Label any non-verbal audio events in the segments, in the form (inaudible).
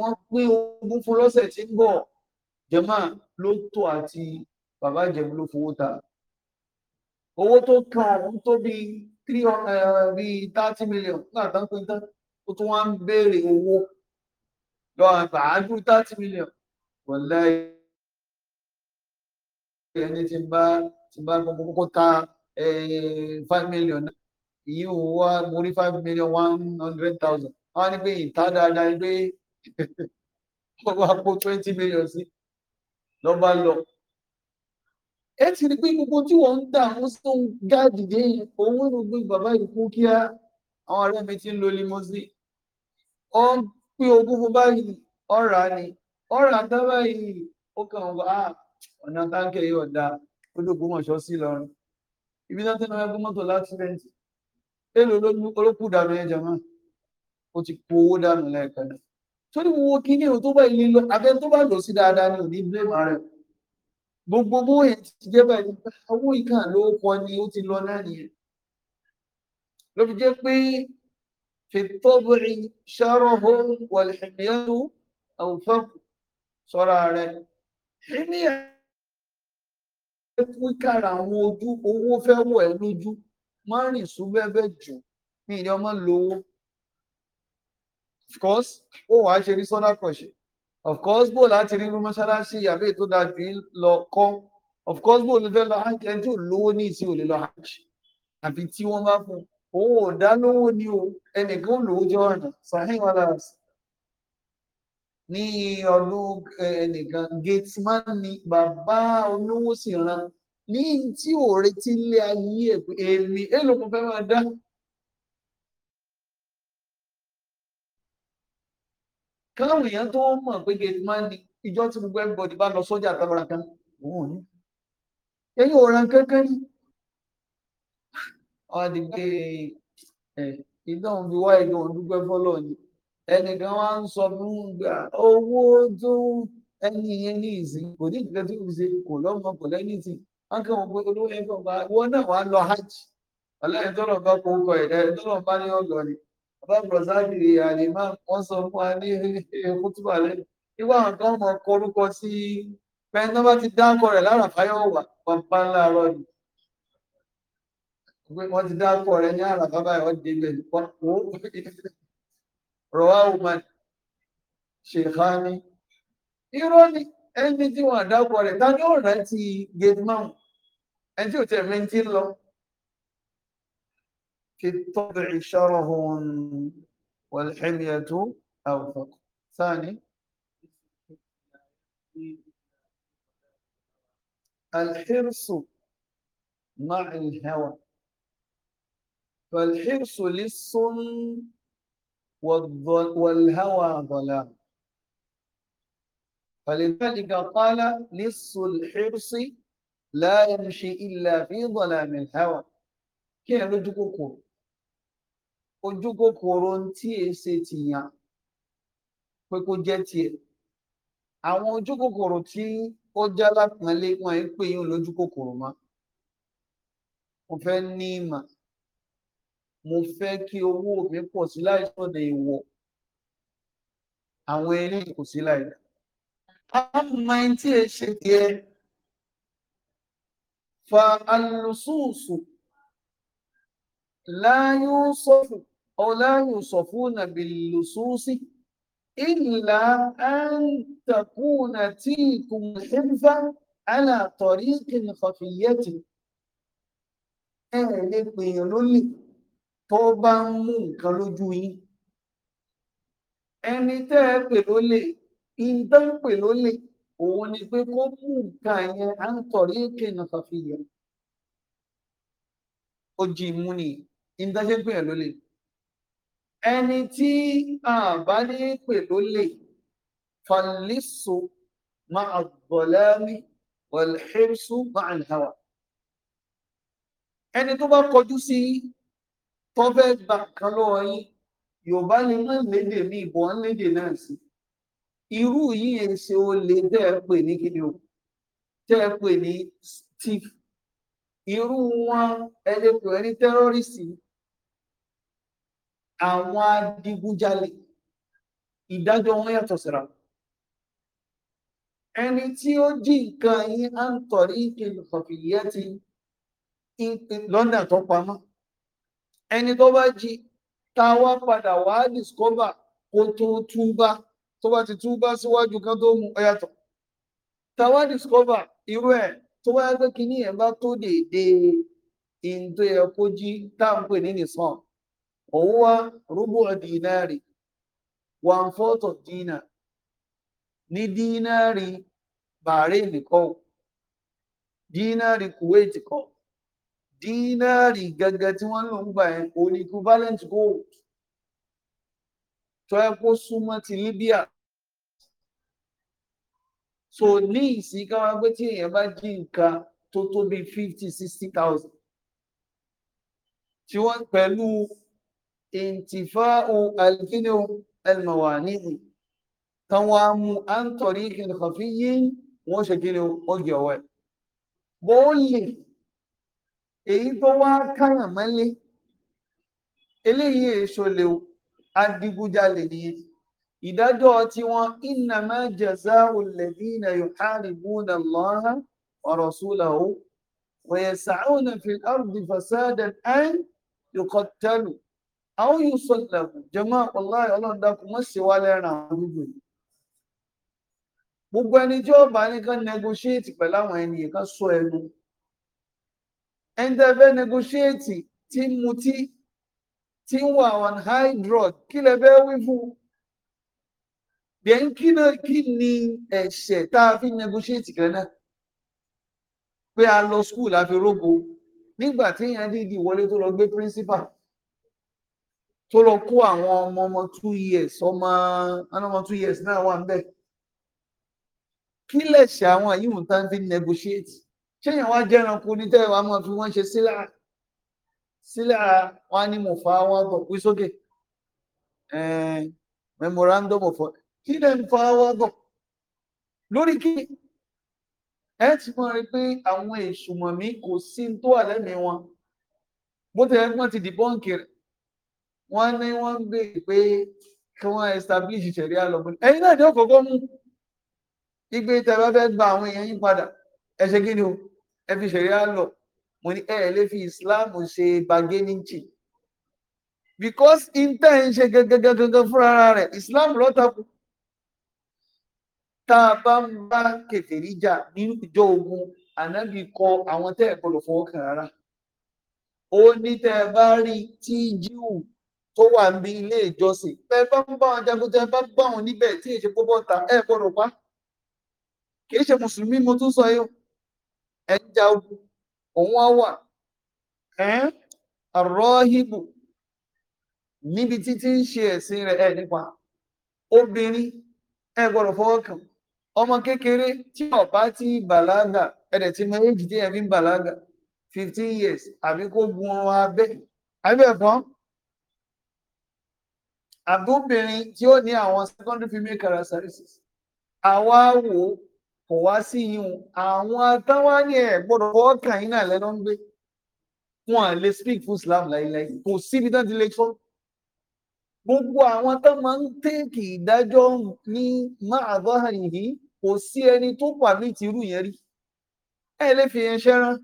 wọ́n pín ogún fún lọ́sẹ̀ tí ń bọ̀ jẹ́mà ló tó àti bàbá ìjẹ̀bú ló fowó ta owó tó kàn ọ̀hún tó bí eh, thirty million náà tán pín tán ó tún wá ń béèrè owó lọ àgbàájú thirty million wọ̀lá ẹni tí ń bá tí ń bá kókó ta eh, five million náà ìyí òun wá mo rí five million one hundred thousand wọ́n á ní pé ìta dáadáa ni (laughs) wọ́n wá kó twenty million sí lọ́ba lọ. ẹ ti rí pé gbogbo tí wọ́n ń dà wọ́n tó ń gáàdì dé yẹn òun ló gbé bàbá yìí kú kíá àwọn ọ̀rẹ́ mi ti ń lo limousine. ó ń pín ogún fún báyìí ọ̀rà ni ọ̀rà tá báyìí ó kàn wá ah, ọ̀nà táǹkì yìí ọ̀dà ó dògbò mọ̀ṣọ́ sí lọ́rùn. ibi náà tẹ́lẹ̀ ẹgbẹ́ mọ́tò láti rẹ́ǹtì. èlò olókùdànù ẹ̀jẹ̀ náà ó ti kó owó dànù lẹ́ẹ̀kan náà torí wo kí ní òun tó bá ilé lọ abẹ́ tó bá lọ sí dáadáa ní òní ilé ìmọ̀ rẹ̀ gbogbo owó yẹn ti jẹ́ báyìí owó ìkà ló pọ̀ ni ó ti lọ náà nìyẹn ló fi jẹ́ pé fìtọ́bìrì ṣàròhó wàlìhìmíyàtò àwùfẹ́kù sọ́ra rẹ̀ ìníyà fún ìkàrà àwọn ojú owó fẹ́ wọ̀ ẹ́ lójú má rìn sún jù ní ìdí ọmọ lówó of course ó wàá ṣe rí sọ́nà kànṣe of course bó láti rí irú mọ́ṣáláṣí àbí ètò dàbí lọ kọ́ of course bó ló fẹ́ lọ hajj ẹni tí ò lówó ní ìsìn ò lè lọ hajj àbí tí wọ́n bá fún òun ò dá lówó ni o ẹnìkan ò lówó jọ ọ̀nà sàhìn wàhálà ní ọdún ẹnìkan gateman ni bàbá olówó sì ran ní tí ò retí ilé ayé ẹ̀ pé èmi èlò kan fẹ́ máa dá káwọn èèyàn tó mọ̀ pé gate man ni ìjọ tí gbogbo everybody bá lọ sọ́jà tọ́lọ́ra kan òun ò ní òran kankan ní ọdí pé ìdáhùn bí wá ìdáhùn dúpẹ́ ni ẹnìkan wá ń sọ fún gbà owó tó ẹni yẹn ní ìsìn kò ní tó ń ṣe kò lọ́mọ kò tì wọ́n kàn wọ́n pé olówó lọ hajj ọlọ́run bá kó kọ ẹ̀dá bá ní ọ̀gọ́ abábọ̀sáàdì àlèmá wọ́n sọ fún wa ní kútùbà lẹ́nu ìwà nǹkan ọmọ korúkọ sí pẹ́ńtà bá ti dáńkọ rẹ̀ lára fáyọ̀ wà pàpà ńlá rọ ni wọ́n ti dáńkọ rẹ̀ ní àràfá báyìí wọ́n dé ibẹ̀ wọ́n rọwá ọmọ ṣèkánì irọ́ ni ẹni tí wọ́n dáńkọ rẹ̀ ta ni ó rántí gate man ẹni tí ò tẹ̀ mẹ́ntì lọ. في الطبع شره والحمية أوفق ثاني الحرص مع الهوى فالحرص لص والهوى ظلام فلذلك قال لص الحرص لا يمشي إلا في ظلام الهوى كي تقول ojú kòkòrò tí è ṣe tìyàn pé kó jẹ́ tiẹ̀ àwọn ojú kòkòrò tí ó jẹ́ lápọ̀nlé wọn ń pè yín lójú kòkòrò mọ́ mo fẹ́ ní ìmọ̀ mo fẹ́ kí owó mi pọ̀ sí láìsọ̀dẹ̀ ìwọ̀ àwọn eré kò sí láìdá ọmọ ẹni tí ẹ ṣe tiẹ̀ fa alùsùsù láyún sọ́fù ọláyùn sọ fún àbìlùsúnsí ìlà àǹtàkùnà tí ìkùn ẹ̀fà alàtọ̀rí ìkìnnìkọ̀fìyẹ́tì ẹ̀ lè pèèyàn lólè tó bá ń mú nǹkan lójú yín ẹni tẹ́ ẹ pè lólè ìdá ń pè lólè òun ni pé kó mú nǹkan yẹn àǹtọ̀rí ìkìnnìkọ̀fìyẹ́ ó jí mú ni ìdá ṣe ń lólè ẹni tí àbá ní pè ló lè fàlísù máa bọ̀lẹ́mí wàlẹ́hẹ́sù máa ń hàwà ẹni tó bá kọjú sí tọ́fẹ́ gbà kan lọ́wọ́ yín yorùbá lè má lédè mí ìbọn lédè náà sí irú yìí ẹ ṣe o lè tẹ́ ẹ pè ní kíni o tẹ́ ẹ pè ní thief irú wọn ẹ lè pè ní tẹ́rọ́rìsì àwọn adigunjalè ìdájọ́ wọn yàtọ̀ síra ẹni tí ó jí nǹkan yìí á ń tọ̀rí ìkìlù kọ̀fìyẹ́ ti lọ́nà tó pamọ́ ẹni tó bá jí ta wá padà wá discover kó tó túbá tó bá ti túbá síwájú kan tó mú ọ yàtọ̀ ta irú ẹ̀ tó bá yá pé kinní ẹ̀ bá tó déédéé ìǹtọ́ yẹ jí tá ń pè ní nìsan huwa rubu dinari one fourth of dinar ní dínárì bahrain kọ́ dínárì kuwait kọ́ dínárì gẹ́gẹ́ tí wọ́n lò ń gbà yẹn òní equivalent gold tó ẹ kó súnmọ́ ti libya so ní ìsìnká wa pé tí èèyàn bá jí nǹkan fifty sixty thousand intifa'u alkinu almawani'i kan wá mú an tariqin khafiyyin wọ́n ṣe kí ni ó jẹ ọwọ́ ẹ̀ bó lè èyí tó wá káyàn mọ́lé eléyìí èso lè adigunjalè nìyẹn ìdájọ́ tí wọ́n innama jaza'u alladhina yuharibuna Allaha wa rasulahu wa yas'una fil ardi fasadan an yuqattalu àwọn yóò sọ ìlẹ̀kùn jẹmọ́ ọláyà ọlọ́run dákun mọ́ sí wa lẹ́ràn àwọn gbogbo yìí gbogbo ẹni tí ó bá nìkan negotiate pẹ̀lú àwọn ẹni kan sọ ẹnu ẹni fẹ́ negotiate tí ń mutí tí ń wà on high drug kí lẹ fẹ́ wí fún then kí náà kí ni ẹ̀ṣẹ̀ tá a fi negotiate kan náà pé a lọ school àfi rógo nígbà tí èèyàn dìde ìwọlé tó lọ gbé principal tó lọ kó àwọn ọmọ ọmọ two years ọmọ ọmọ two years náà wà ń bẹ̀ kí lẹ̀ṣẹ̀ àwọn yìí ń tán fi negotiate ṣéyàn wá jẹ́ranko ní tẹ́wàá wá máa fi wọ́n ṣe sílà sílà wá ní mo fa wọn bọ̀ pín sókè memorandum of kí lẹ́ ń fa wọn bọ̀ lórí kí ẹ ti mọ̀ rí pé àwọn èṣùmọ̀ mi kò sí tó wà lẹ́mìí wọn bó tẹ̀ wọ́n ti dìbọ́ǹkì rẹ̀ wọ́n ní wọ́n ń gbé pé kí wọ́n establish ṣẹ̀ríà lọ bọ́lá ẹ̀yin náà ni ó kọ́kọ́ mú igbe tẹ̀lé fẹ́ gba àwọn èèyàn yín padà ẹ ṣe kí ni o ẹ fi ṣẹ̀ríà lọ mo ní ẹ lè fi Islam ṣe bargaining chip because intan ń ṣe gẹ́gẹ́gẹ́gẹ́ fúnra rẹ̀ Islam lọ́tàkùn tá a bá ń bá kèfèrí jà ní ìjọ ogun ànábì kọ àwọn tẹ́ ẹ̀ gbọ́dọ̀ fọwọ́ ó ní tẹ́ bá rí tí tó wà ń ilé ìjọsìn tẹ bá ń bá wọn jagun tẹ bá ń bá wọn tí ẹ pa í ṣe mùsùlùmí mo tún sọ yìí ẹ ń ja ogun òun á wà ẹ níbi títí ń ṣe ẹ̀sìn rẹ̀ ẹ̀ nípa obìnrin ẹ ọmọ kékeré tí ti bàlágà tí ẹ̀ fi ń bàlágà àbóbìnrin tí ó ní àwọn secondary female characteristics àwa wò kò wá sí ihun àwọn atáwá ní ẹ gbọ́dọ̀ ọkàn yín náà lẹnu ń gbé wọn à lè speak full Islam láìláì kò síbi tán ti lè tó gbogbo àwọn tó máa ń tẹ́ẹ̀kì ìdájọ́ ní máa dọ́hàrì yìí kò sí ẹni tó wà ní tìrú yẹn rí ẹ lè fi yẹn ṣẹ́rán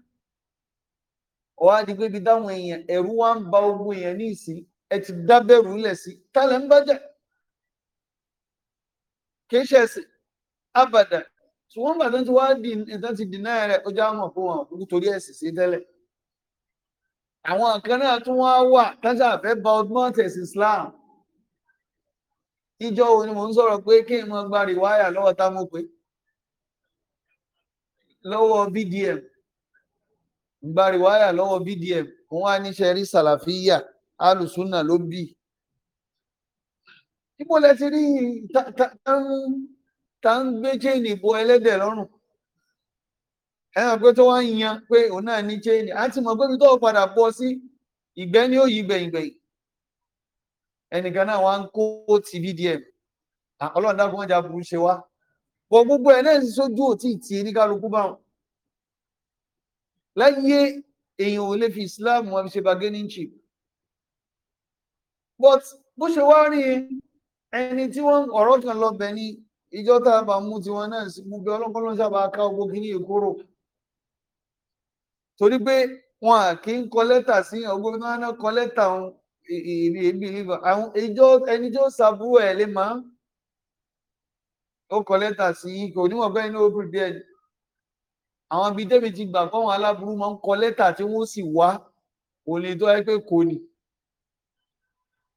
ọ̀hádìí pé ibi táwọn ẹ̀rú wa ń ba ogun èèyàn ní ìsìn ẹ ti dábẹ̀rù ńlẹ̀ sí tálẹ̀ ń bájà kì í bàtà di nǹkan ti dì náà rẹ̀ ó já wọn wọn kúkú torí ẹ̀sìn àwọn kan náà wà tájà Islam ìjọ wo ni mò ń sọ̀rọ̀ pé kí n mọ gba rìwáyà tá mo BDM gba rìwáyà lọwọ BDM òun wá alùsùnà ló bí ibo lẹ ti rí ta ń gbé chéènì bo ẹlẹ́dẹ̀ lọ́rùn ẹ̀ràn pé tó wá ń yan pé òun náà ní chéènì á ti mọ̀ pé ibi tó padà bọ́ sí ìgbẹ́ ni ó yí gbẹ̀yìn gbẹ̀yìn ẹnìkan náà wá ń kó ti vdm ọlọ́run dákun ọjà burú ṣe wá bọ̀ gbogbo ẹ̀ náà sójú òtí ìtì ní kálukú báwọn láyé èèyàn ò lè fi Islam wọn fi ṣe bargaining chip but bó ṣe wá rí ẹni tí wọ́n ọ̀rọ̀ kan lọ bẹ̀ ní ìjọ tá a bá mú tiwọn náà sí gbogbo ọlọ́kọ́ ló ń sábà ká owó kíní ìkóró torí pé wọn à kí ń kọ lẹ́tà sí ọgbọ́n tí wọ́n náà kọ lẹ́tà ọ̀hún ìrì èbí rìbá àwọn ìjọ ẹni tí ó ṣàbúrò ẹ̀ lè máa ó kọ lẹ́tà sí kò níwọ̀n bẹ́ẹ̀ ní open díẹ̀ àwọn ibi tẹ́mi ti gbà fọ́wọn aláburú máa ń kọ lẹ́tà tí wọ́n sì wá òní tó ẹ pé kò ní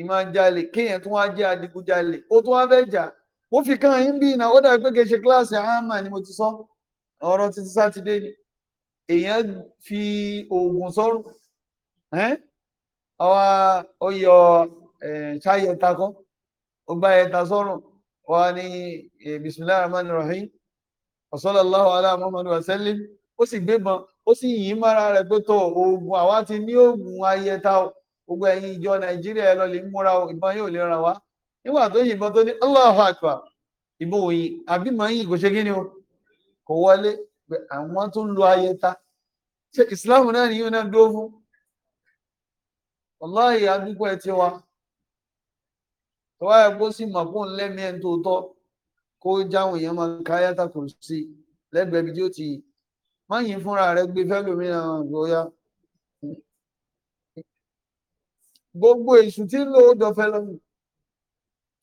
ìmọ̀-jalè kéèyàn tó wá jẹ́ adigunjalè ó wá ó fi kàn yín bí iná ó dàbí pé ṣe kíláàsì àmà ni mo ti sọ ọ̀rọ̀ títí sátidé ni fi oògùn sọ́rùn ọwọ́ ọyọ ṣáyẹ takọ́ ó ẹ̀ta sọ́rùn rahman rahim wa sallim ó sì gbogbo ẹ̀yin ìjọ nàìjíríà ẹ lọ lè múra ìbọn yóò lè ràn wá nígbà tó yìnbọn tó ní Allahu Akbar ìbò òyìn àbí màá kò ṣe ni o kò wọlé pé àwọn tó ń lo ayẹta ṣe ìsìláàmù náà nìyí náà dúró fún wàláhì ẹ lẹ́mí ẹ̀ kó jáwọn èèyàn máa ka kò sí lẹ́gbẹ̀ẹ́ bí tí ó ti gbogbo èṣù tí ń lo dọ̀fẹ́ lọ́wọ́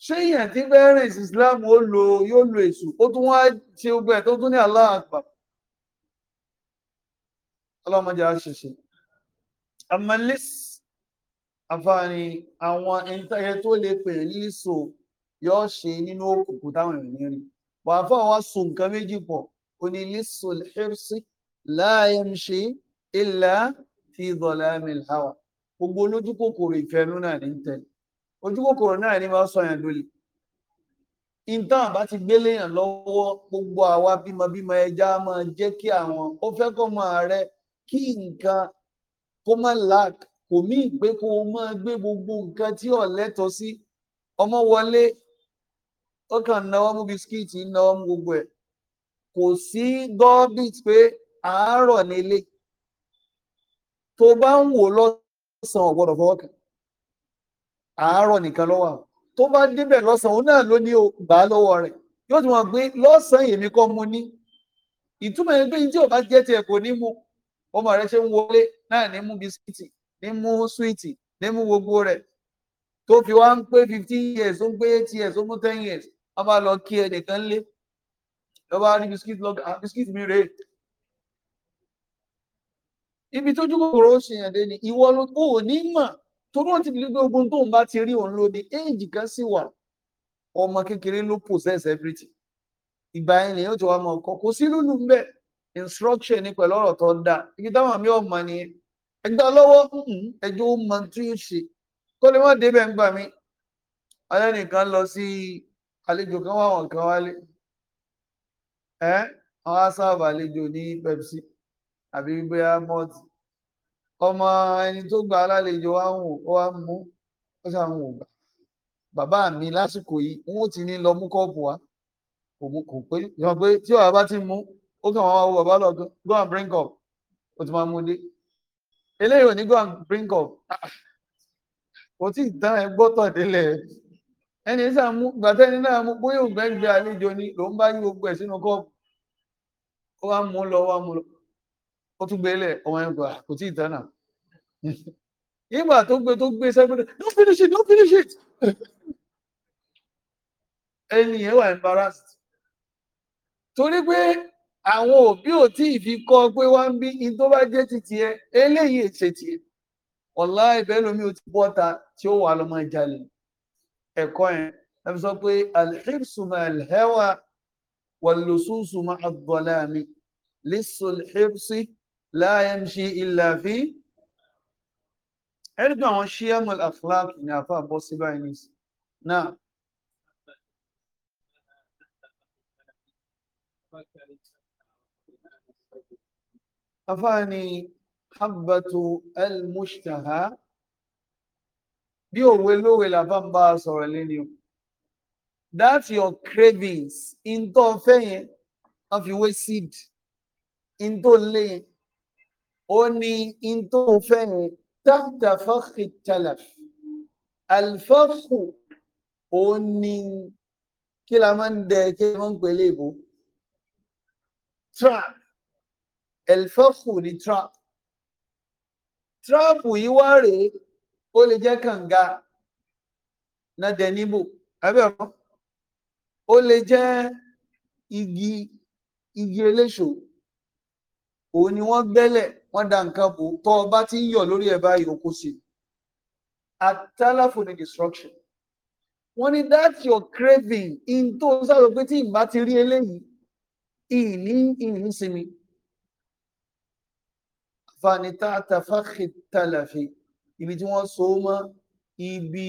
ṣé èèyàn tí bẹ́ẹ̀ rìn sí Islam ó lo yóò lo èṣù ó tún wá ṣe gbogbo ẹ̀ tó tún ní Allahu Akbar ọlọ́mọdé àṣẹṣe amalis àfààní àwọn ẹ̀ńtẹ́yẹ tó lè pè lísò yóò ṣe nínú òkùnkùn táwọn èèyàn rí wà á fọwọ́ so nǹkan méjì pọ̀ ó ní lísò hirsi la yamshi illa fi dhalamil hawa. gbogbo olójú kòkòrò ìfẹ́nú náà ní tẹ̀lé ojú náà ní máa sọ yẹn lólè intan bá ti gbélé yàn gbogbo àwa bímọ bímọ ẹja máa jẹ́ kí àwọn ó fẹ́ kọ́ máa rẹ kí nǹkan kó má lack kò gbogbo nǹkan tí ò sí ọmọ wọlé ó gbogbo ẹ̀ kò sí gọ́ọ̀bìt pé àárọ̀ nílé tó bá ń san ọ̀gbọ́dọ̀ fọwọ́ kàn àárọ̀ nìkan lọ́wọ́ tó bá débẹ̀ lọ́sàn òun náà ló ní o gbà á lọ́wọ́ rẹ̀ yóò ti mọ̀ pé lọ́sàn èmi kọ́ mu ní ìtumọ̀ ẹni pé tí ò bá jẹ́ tiẹ̀ kò ní mu ọmọ rẹ ṣe ń wọlé náà ní mú bisikíìtì ní mú súwìtì ní mú gbogbo rẹ̀ tó fi wá ń pé fifteen years ó ń pé eight years ó ń mú ten years a máa lọ kí ẹ nìkan lé lọ́ba ní bisikíìtì lọ́ba ah, bisikíìtì mi rèé ibi tójú kòkòrò ṣe yàn dé ni ìwọ ló kó o ní mọ̀ torí wọn ti lè gbé ogun tó ń bá ti rí òun lóde éèjì kan sì wà ọmọ kékeré ló possess everything ìgbà yẹn nìyẹn tó wà mọ ọkọ kò sí lùlù ń bẹ instruction ni pẹ̀lú ọ̀rọ̀ tó ń dà ibi táwọn mi ò mọ nìyẹn ẹgbẹ lọ́wọ́ mm-hmm. ẹjọ ó mọ tí ó ṣe kó lè má débẹ̀ ń gbà mí alẹ́ nìkan lọ sí àlejò kan wá wọn kan wálé ẹ àwọn asáàbà àlejò ní Pepsi àbí bóyá mọ́ọ̀tì ọmọ ẹni tó gba alálejò wa ń wò ó wá mú ó sà ń wò gbà bàbá mi lásìkò yìí wọn ò ti ní lọ mú kọ́ọ̀pù wa kò mú kò pé yọ pé tí ọ̀rọ̀ bá ti mú ó kàn wọ́n wọ bàbá lọ go and bring up ó ti máa mú dé eléyìí ò ní go and bring up kò tí ì tán ẹ gbọ́tọ̀ délẹ̀ ẹni sà mú gbàtẹ́ ẹni náà mú bóyá òǹgbẹ́ gbé àlejò ni lòún bá yí gbogbo ẹ̀ sínú kọ́ọ̀pù ó wá mú lọ ó wá mú lọ ó tún gbé e lẹ̀ ọmọ yẹn gbà kò tí ì dáná (laughs) nígbà tó gbé tó gbé sẹ́gbẹ́dẹ́ don't finish it don't finish it (laughs) ẹni yẹn wà embarrassed torí pé àwọn òbí ò tí ì fi kọ́ pé wá ń bí in tó bá jẹ́ títì ẹ eléyìí ṣe tiẹ̀ ọ̀la ìfẹ́ lomi ò ti bọ́ta tí ó wà lọ́mọ ìjàlè ẹ̀kọ́ yẹn ẹ fi sọ pé alhibsuma alhewa wàlúsùsùma abdulami lisulhibsi láyẹ̀mṣí ìlàfí ẹ̀rùgbà àwọn ṣíyàmùl akhlaq ní àfà bọ́ sí báyìí ní náà afá ni habbatu al-mushtaha bí òwe lówe làbá ń bá sọ̀rọ̀ lẹ́ni o that your cravings in tó fẹ́ yẹn wọ́n fi wé seed in tó lé ó ní in tó ń fẹ́ ni táàtà fọ́ọ̀kì tẹlẹf alfọ́ọ̀kù ó ní kí la máa ń dẹ kí wọ́n ń pè léèbó trap alfọ́ọ̀kù ni trap trap yìí wá rèé ó lè jẹ́ kànga náà dẹ níbò abẹ́ ọ̀pọ̀ ó lè jẹ́ igi igi eléṣò òun ni wọ́n gbẹ́lẹ̀ wọ́n da nǹkan bò tọ́ ọ bá ti ń yọ̀ lórí ẹ̀ báyìí oko sí i. ni destruction. wọ́n ní that your craving in tó ń sábà pé tí ìgbà ti rí eléyìí ìní ìní sinmi. fanita tafakhi talafi ibi tí wọ́n so mọ́ ibi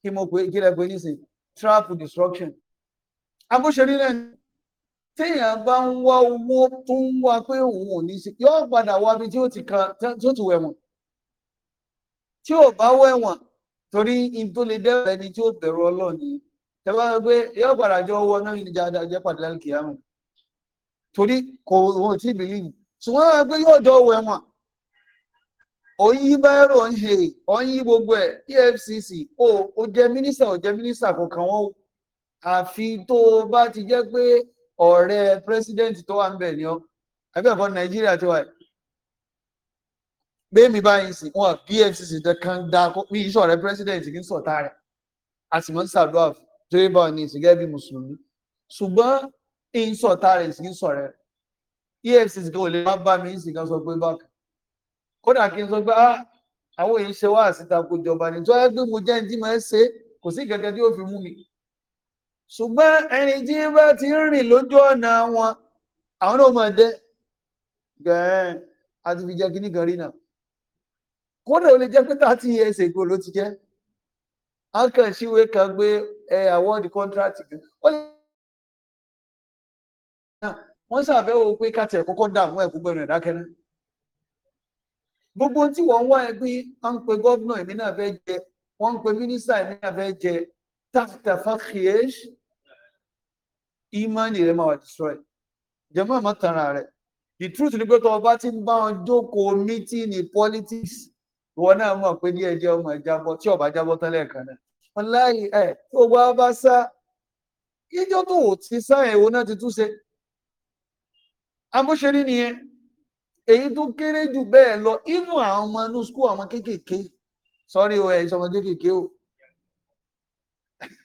kí mo pè é kí lè pè é nísìnyí trap destruction. abúṣe rí lẹ́nu. téèyàn bá ń wá owó tó ń wá pé òun ò ní í ṣe padà wá bí tí ó ti kan ti tí ò bá wẹ̀wọ̀n torí in ẹni tí ó bẹ̀rù ni ẹ pé yóò padà jọ owó pàdé torí kò wọ́n ti ṣùgbọ́n wọ́n pé yóò jọ wẹ̀wọ̀n ń gbogbo EFCC jẹ́ jẹ́ àfi tó bá ti jẹ́ pé ọ̀rẹ́ pírẹsidẹ́ǹtì tó wà ń bẹ̀ ni ọ́ ẹgbẹ́fọ́ nàìjíríà tó wà ẹ̀ bẹ́ẹ̀mí báyìí sì wọn efcc kan dá mi iṣẹ́ ọ̀rẹ́ pírẹsidẹ́ǹtì kì í sọ̀tà rẹ̀ a sì máa ń ṣàdúrà tó yẹ báwọn ní ìsìnkẹ́ bí mùsùlùmí ṣùgbọ́n ń sọ̀tà rẹ̀ sì ń sọ̀rẹ́ efcc kan ò lè má bá mi ìsìnkẹ́ sọ pé bákan kódà kí n sọ pé ah, àwọn èèyàn ṣe wá àsìta kó jọba ní tó yẹ pé mo jẹ́ ní tí mo ẹ ṣe ṣùgbọ́n ẹni tí bá ti rìn lójú ọ̀nà wọn àwọn náà máa dẹ́ gẹ̀ẹ́n àti fi jẹ́ rí náà kódà ó years ago ló ti jẹ́ akànṣíwé kan gbé ẹ award contract kan ó lè wọ́n ṣàbẹ̀wò pé káàtì ẹ̀kọ́ kọ́ dààmú ẹ̀kú gbẹ̀rù ẹ̀dá gbogbo tí wọ́n wá ẹgbẹ́ wọ́n ń pe gómìnà èmi fẹ́ jẹ wọ́n ń pe tàkìtà fàkìyèsí ìmánì rẹ̀ máa wà destroy jẹ́mọ́ àmọ́ tanra rẹ̀ the truth ni pé tó o bá ti ń bá wọn jókòó meeting ní politics ìwọ náà mọ̀ pé díẹ̀ díẹ̀ ọmọ ìjábọ̀ tí ọba jábọ̀ tán lẹ́ẹ̀kan náà wọn láì ẹ̀ tó o bá bá sá ìjọ tó o ti sá ẹ̀wọ̀n náà ti túnṣe amóṣeré nìyẹn èyí tó kéré jù bẹ́ẹ̀ lọ inú àwọn ọmọ inú school àwọn kéékèèké sọ́rí o ẹ̀ ìṣọmọ kéékèèké o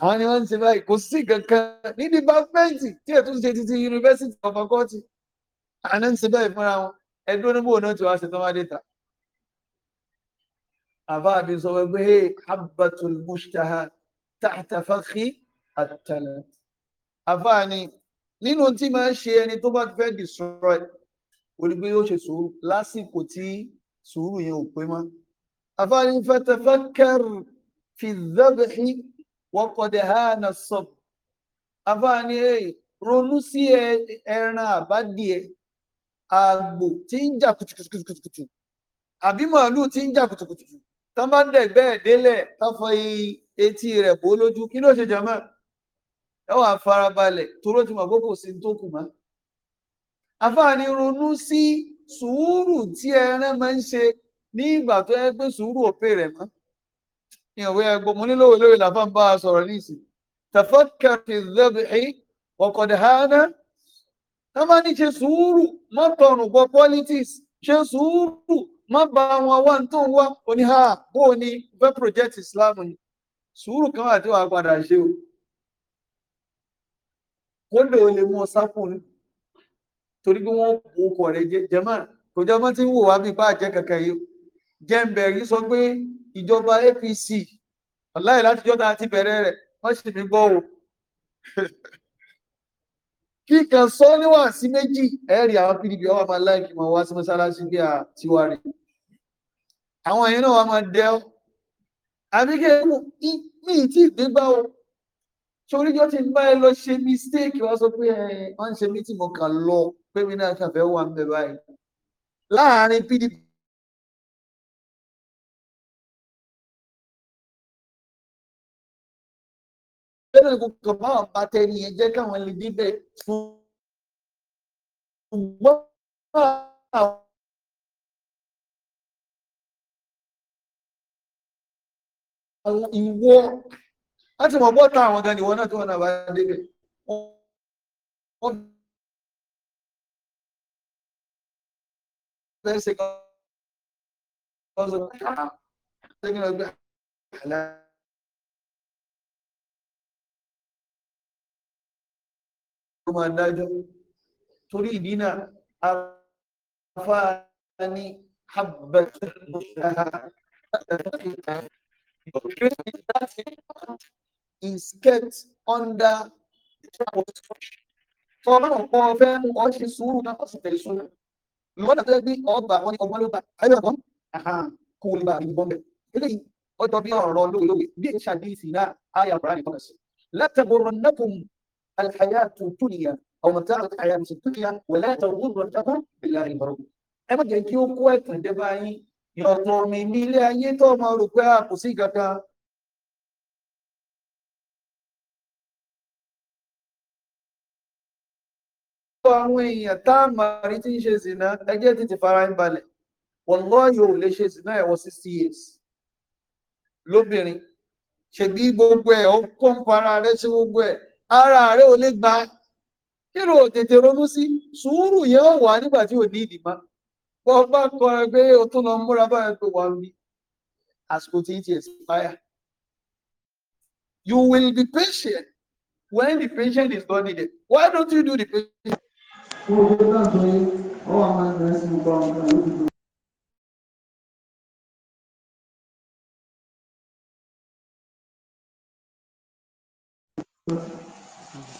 àwọn ni wọ́n ń ṣe báyìí kò sí kankan ní dìpátímẹ́ǹtì tí ètò ń ṣe títí yunifásitì of faculty àná ń ṣe báyìí fúnra wọn ẹdún oníbò náà ti wá ṣe tán wá déta àbá àbí sọ wípé hey habbatul mushtaha tahta fakhi àbá ni nínú tí máa ṣe ẹni tó bá fẹ́ destroy olùgbé yóò ṣe sùúrù lásìkò tí sùúrù yẹn ò pé mọ́ àbá ni fatafakkar wọ́n kọ́dẹ̀ ha na sọ afáàní ronú sí ẹran àbádìẹ àgbò tí ń jà kùtùkùtùkùtù àbí màálù tí ń jà kùtùkùtù tán bá ń dẹ̀gbẹ́ ẹ̀ délẹ̀ tán fọ etí rẹ̀ bó lójú kí ló ṣe jàmọ́ ẹ wà farabalẹ̀ toró ti mọ̀ pé kò sí tó kù mọ́ afáàní ronú sí sùúrù tí ẹran máa ń ṣe ní ìgbà tó yẹ pé sùúrù òpè rẹ̀ mọ́ ìwé ẹgbọ́n mo nílò olórí làfà ń bá a sọ̀rọ̀ ní ìsìn tàfàkà ti zẹ́bìí ọkọ̀dẹ̀ hánà tá bá ní ṣe sùúrù má tọrùn bọ politics wọn ha ní fẹ́ Islam ni sùúrù kan wà padà ṣe o kódà o lè mú ọ torí pé wọ́n kò jẹ́ ọmọ tí ń wò wá bí kankan yìí jẹ́ ń ìjọba APC ọláyè láti jọta àti bẹ̀rẹ̀ rẹ̀ wọ́n sì mí gbọ́ o kíkan sọ níwà sí méjì ẹ̀rí àwọn PDP ọwọ́ máa láìkí máa wá sí mọ́sálásí bí a ti wá rí àwọn èèyàn náà wà máa dẹ ọ àbí kí ẹkú mi tí ì gbégbá o toríjọ́ ti bá ẹ lọ ṣe mistake wá sọ pé ẹ wọ́n ń ṣe mí tí mo kàn lọ pé mi náà kàn fẹ́ wà ń bẹ báyìí láàárín PDP tẹ́lẹ̀ kò kàn bá wọn bá tẹ́ ẹnìyẹn jẹ́ káwọn ẹni díbẹ̀ fún ṣùgbọ́n àwọn. ìwọ láti mọ̀ bọ́ta àwọn gan ìwọ náà tí wọ́n náà bá débẹ̀ wọ́n bẹ́ẹ̀ ṣe kan lọ́sọ̀rọ̀ ṣẹ́gun ọgbẹ́ àlàyé. máa dájọ́ torí ìdínà afáà ní habbatul is kept under ọlọ́run kan fẹ́ mú ọ ṣe sùúrù náà ọ̀sẹ̀ tẹ̀lé sùúrù lọ́dà tó yẹ bí ọgbà wọn ni ọgbọ́n ló bá ayé ọ̀gbọ́n kò lè bá ìbọn bẹ̀ eléyìí ọjọ́ bí ọ̀rọ̀ lóòlóòwé bí èyí ṣàdíyìí sí náà ayé àbúrá nìkan ẹ̀sìn látàgbọ̀rọ̀ الحياة الدنيا أو متاع الحياة الدنيا ولا تغرنكم بالله الغرور أما má jẹ́ kí ó kó ẹ̀tàn dé báyìí ìrọ̀nà mi ní ilé ayé tó ọmọ rò pé a kò sí kankan àwọn èèyàn tá a máa rí tí ń ṣe zìnà ẹjẹ́ ti ti fara ń balẹ̀ wọ́n lọ́ yóò lè ṣe zìnà ẹ̀wọ̀ 60 years lóbìnrin ṣègbí gbogbo ẹ̀ ó kọ́ ń para rẹ̀ sí gbogbo ẹ̀ ara rẹ̀ ò lè gba kírò tètè ronú sí sùúrù yẹn ó wà nígbà tí ò ní ìdìmá bọ́ bá kọrin pé o tún lọ múra báyẹn pé wà mí àsìkò tí ti expire you will be patient when the patient is not needed why don't you do the patient. Gbogbo náà tó yẹ, ọwọ́ àwọn ẹgbẹ́ sí gbogbo àwọn ọmọ ìlú.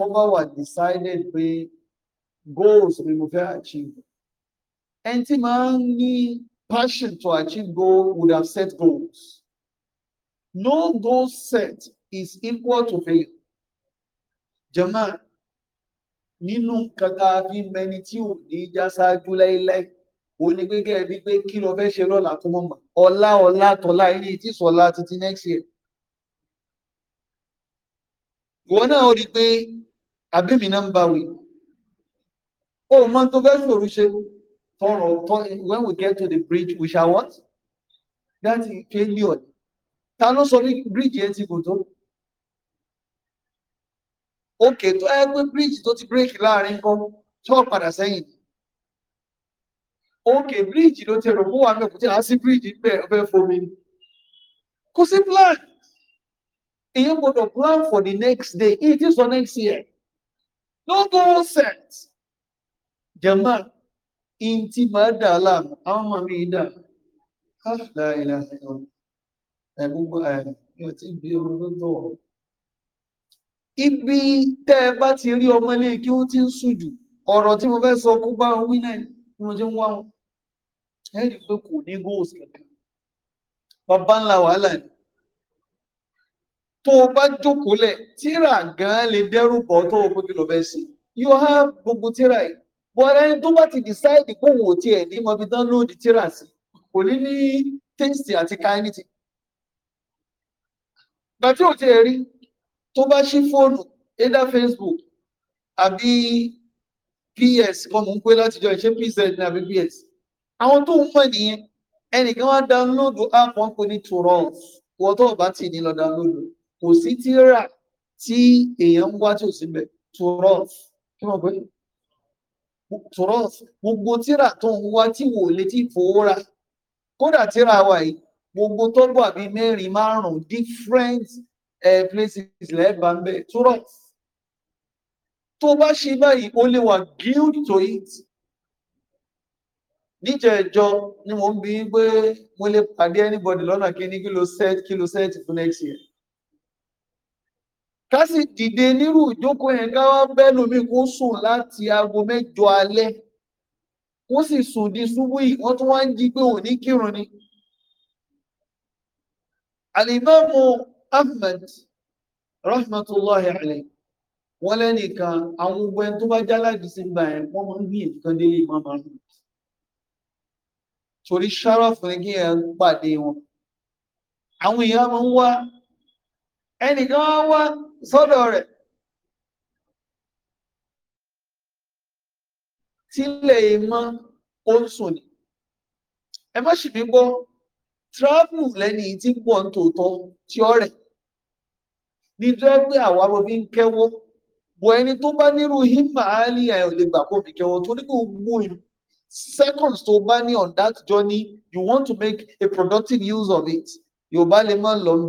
ó was decided pé goals ni mo fẹ́ achieve ẹni tí máa ń ní passion to achieve goal would have set goals no goal set is equal to fail jama nínú kàkà bí mẹni tí ò ní já ṣáájú láéláé ó ní pé gẹ́gẹ́ bí pé kí ló fẹ́ ṣe lọ́la tó mọ̀ ọ̀la ọ̀la tọ̀la ilé tí sọ̀la títí next year ìwọ náà ó rí pé àbẹ́mi náà ń bá wí ó mọ tó fẹ́ sòrò ṣe tọrọ when we get to the bridge we shall what that is failure ta ló sọ ní bridge yẹn ti kò tó òkè tó ẹ pé bridge tó ti break láàrin kan tó padà sẹ́yìn òkè bridge ló ti rò mú wa mẹ́kùn tí a sí bridge bẹ́ẹ̀ fẹ́ fomi kò sí plan èyí gbọdọ̀ plan for the next day èyí tí sọ next year no nonsense jama in ti máa dà á láàmú àwọn ọmọ mi dà á láìla ẹgbogbo ẹ yóò ti gbé orun tó tọ ibi tẹ ẹ bá ti rí ọmọ ilé kí wọn ti ń sùjù ọ̀rọ̀ tí mo fẹ́ sọ kó bá wọn wí náà ni mo ti ń wá wọn ẹ pé kò ní góòsì kankan bàbá ńlá wàhálà ni tó o bá jókòó lẹ̀ tíra gan lè dẹ́rù bọ̀ tó o kókè lọ bẹ́ẹ̀ sí yóò há gbogbo tíra yìí bọ́n ẹni tó bá ti dìsáìdì kó wò tiẹ̀ ní mọbi tán lóòdì tíra sí kò ní ní tẹ́sítì àti káyánìtì. gbà tí ò tiẹ̀ rí tó bá ṣí fóònù either Facebook àbí PS wọn mò ń pé látijọ́ ìṣe PZ ní àbí PS àwọn tó ń mọ̀ nìyẹn ẹnìkan wá dáńlódù app wọn kò ní two runs wọ́n tó bá tì ní lọ dáńlódù kò sí tíra tí èèyàn ń wá tí ò sí mẹ́ tòrọ́ọ̀f kí wọ́n pè é tòrọ́ọ̀f gbogbo tíra tó ń wá tí wò lè ti fòórà kódà tíra wa yìí gbogbo tó gbà bíi mẹ́rin márùn different uh, places lẹ́ẹ̀bà ń bẹ tòrọ́ọ̀f tó bá ṣe báyìí ó lè wà guilt to it níjẹ̀ẹ́jọ́ ni mo ń bi pé mo lè pàdé anybody lọ́nà kí ni kí lo set kí lo set fún next year ká sì dìde nírú ìjókòó yẹn ká wá bẹ́lù mi kó sùn láti aago mẹ́jọ alẹ́ kó sì sùn di ṣubú yìí wọ́n tún wá ń jí pé òní kírun ni. Alimamu Ahmed rahmatullahi alayhi wọ́n lẹ́nìkan àwọn ogun ẹni tó bá jáláàdì sí gbà ẹ̀ wọ́n máa ń gbìyànjú kan délé Imam Ahmed torí ṣáràfù ní kí ẹ pàdé wọn àwọn èèyàn máa ń wá ẹnìkan wá wá sọ́dọ̀ rẹ̀ tílẹ̀ ìmọ̀ oṣù ni ẹ má ṣì mí gbọ́ travel lẹ́ni tí ń pọ̀ nítòótọ́ tí ó rẹ̀ ní dẹ́gbẹ́ àwa bóbí ń kẹ́wọ́ bọ̀ ẹni tó bá nírú hímà áálí ẹ̀ lè gbà kó mi kẹ́wọ́ tó ní kó mú in tó bá ní on that journey you want to make a productive use of it Yorùbá lè má lọ ń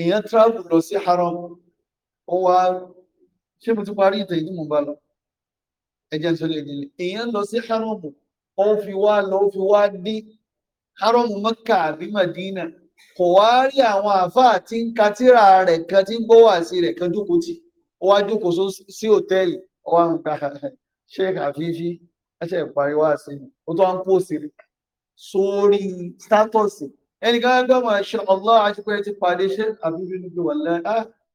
èèyàn travel lọ sí haram ó wá ṣé mo ti parí ìtàn ìdí mo bá lọ ẹjẹ ń sọlẹ ìdílé èèyàn lọ sí haram ó fi wá lọ ó fi wá dé haram Mẹ́kà àbí Madina kò wá rí àwọn àáfàá tí ń ka tírà rẹ̀ kan tí ń gbọ́ wá sí rẹ̀ kan jókòó tì ó wá jókòó sí hòtẹ́ẹ̀lì ó wá ń ta (laughs) Sheikh Afifi ẹsẹ̀ ìparí wá sí i ó tó wá ń pòsì sórí státọ̀sì ẹnìkan ń gbọ́mọ̀ ṣe ọlọ́ àti pé ti pàdé ṣe àbíbí nínú wà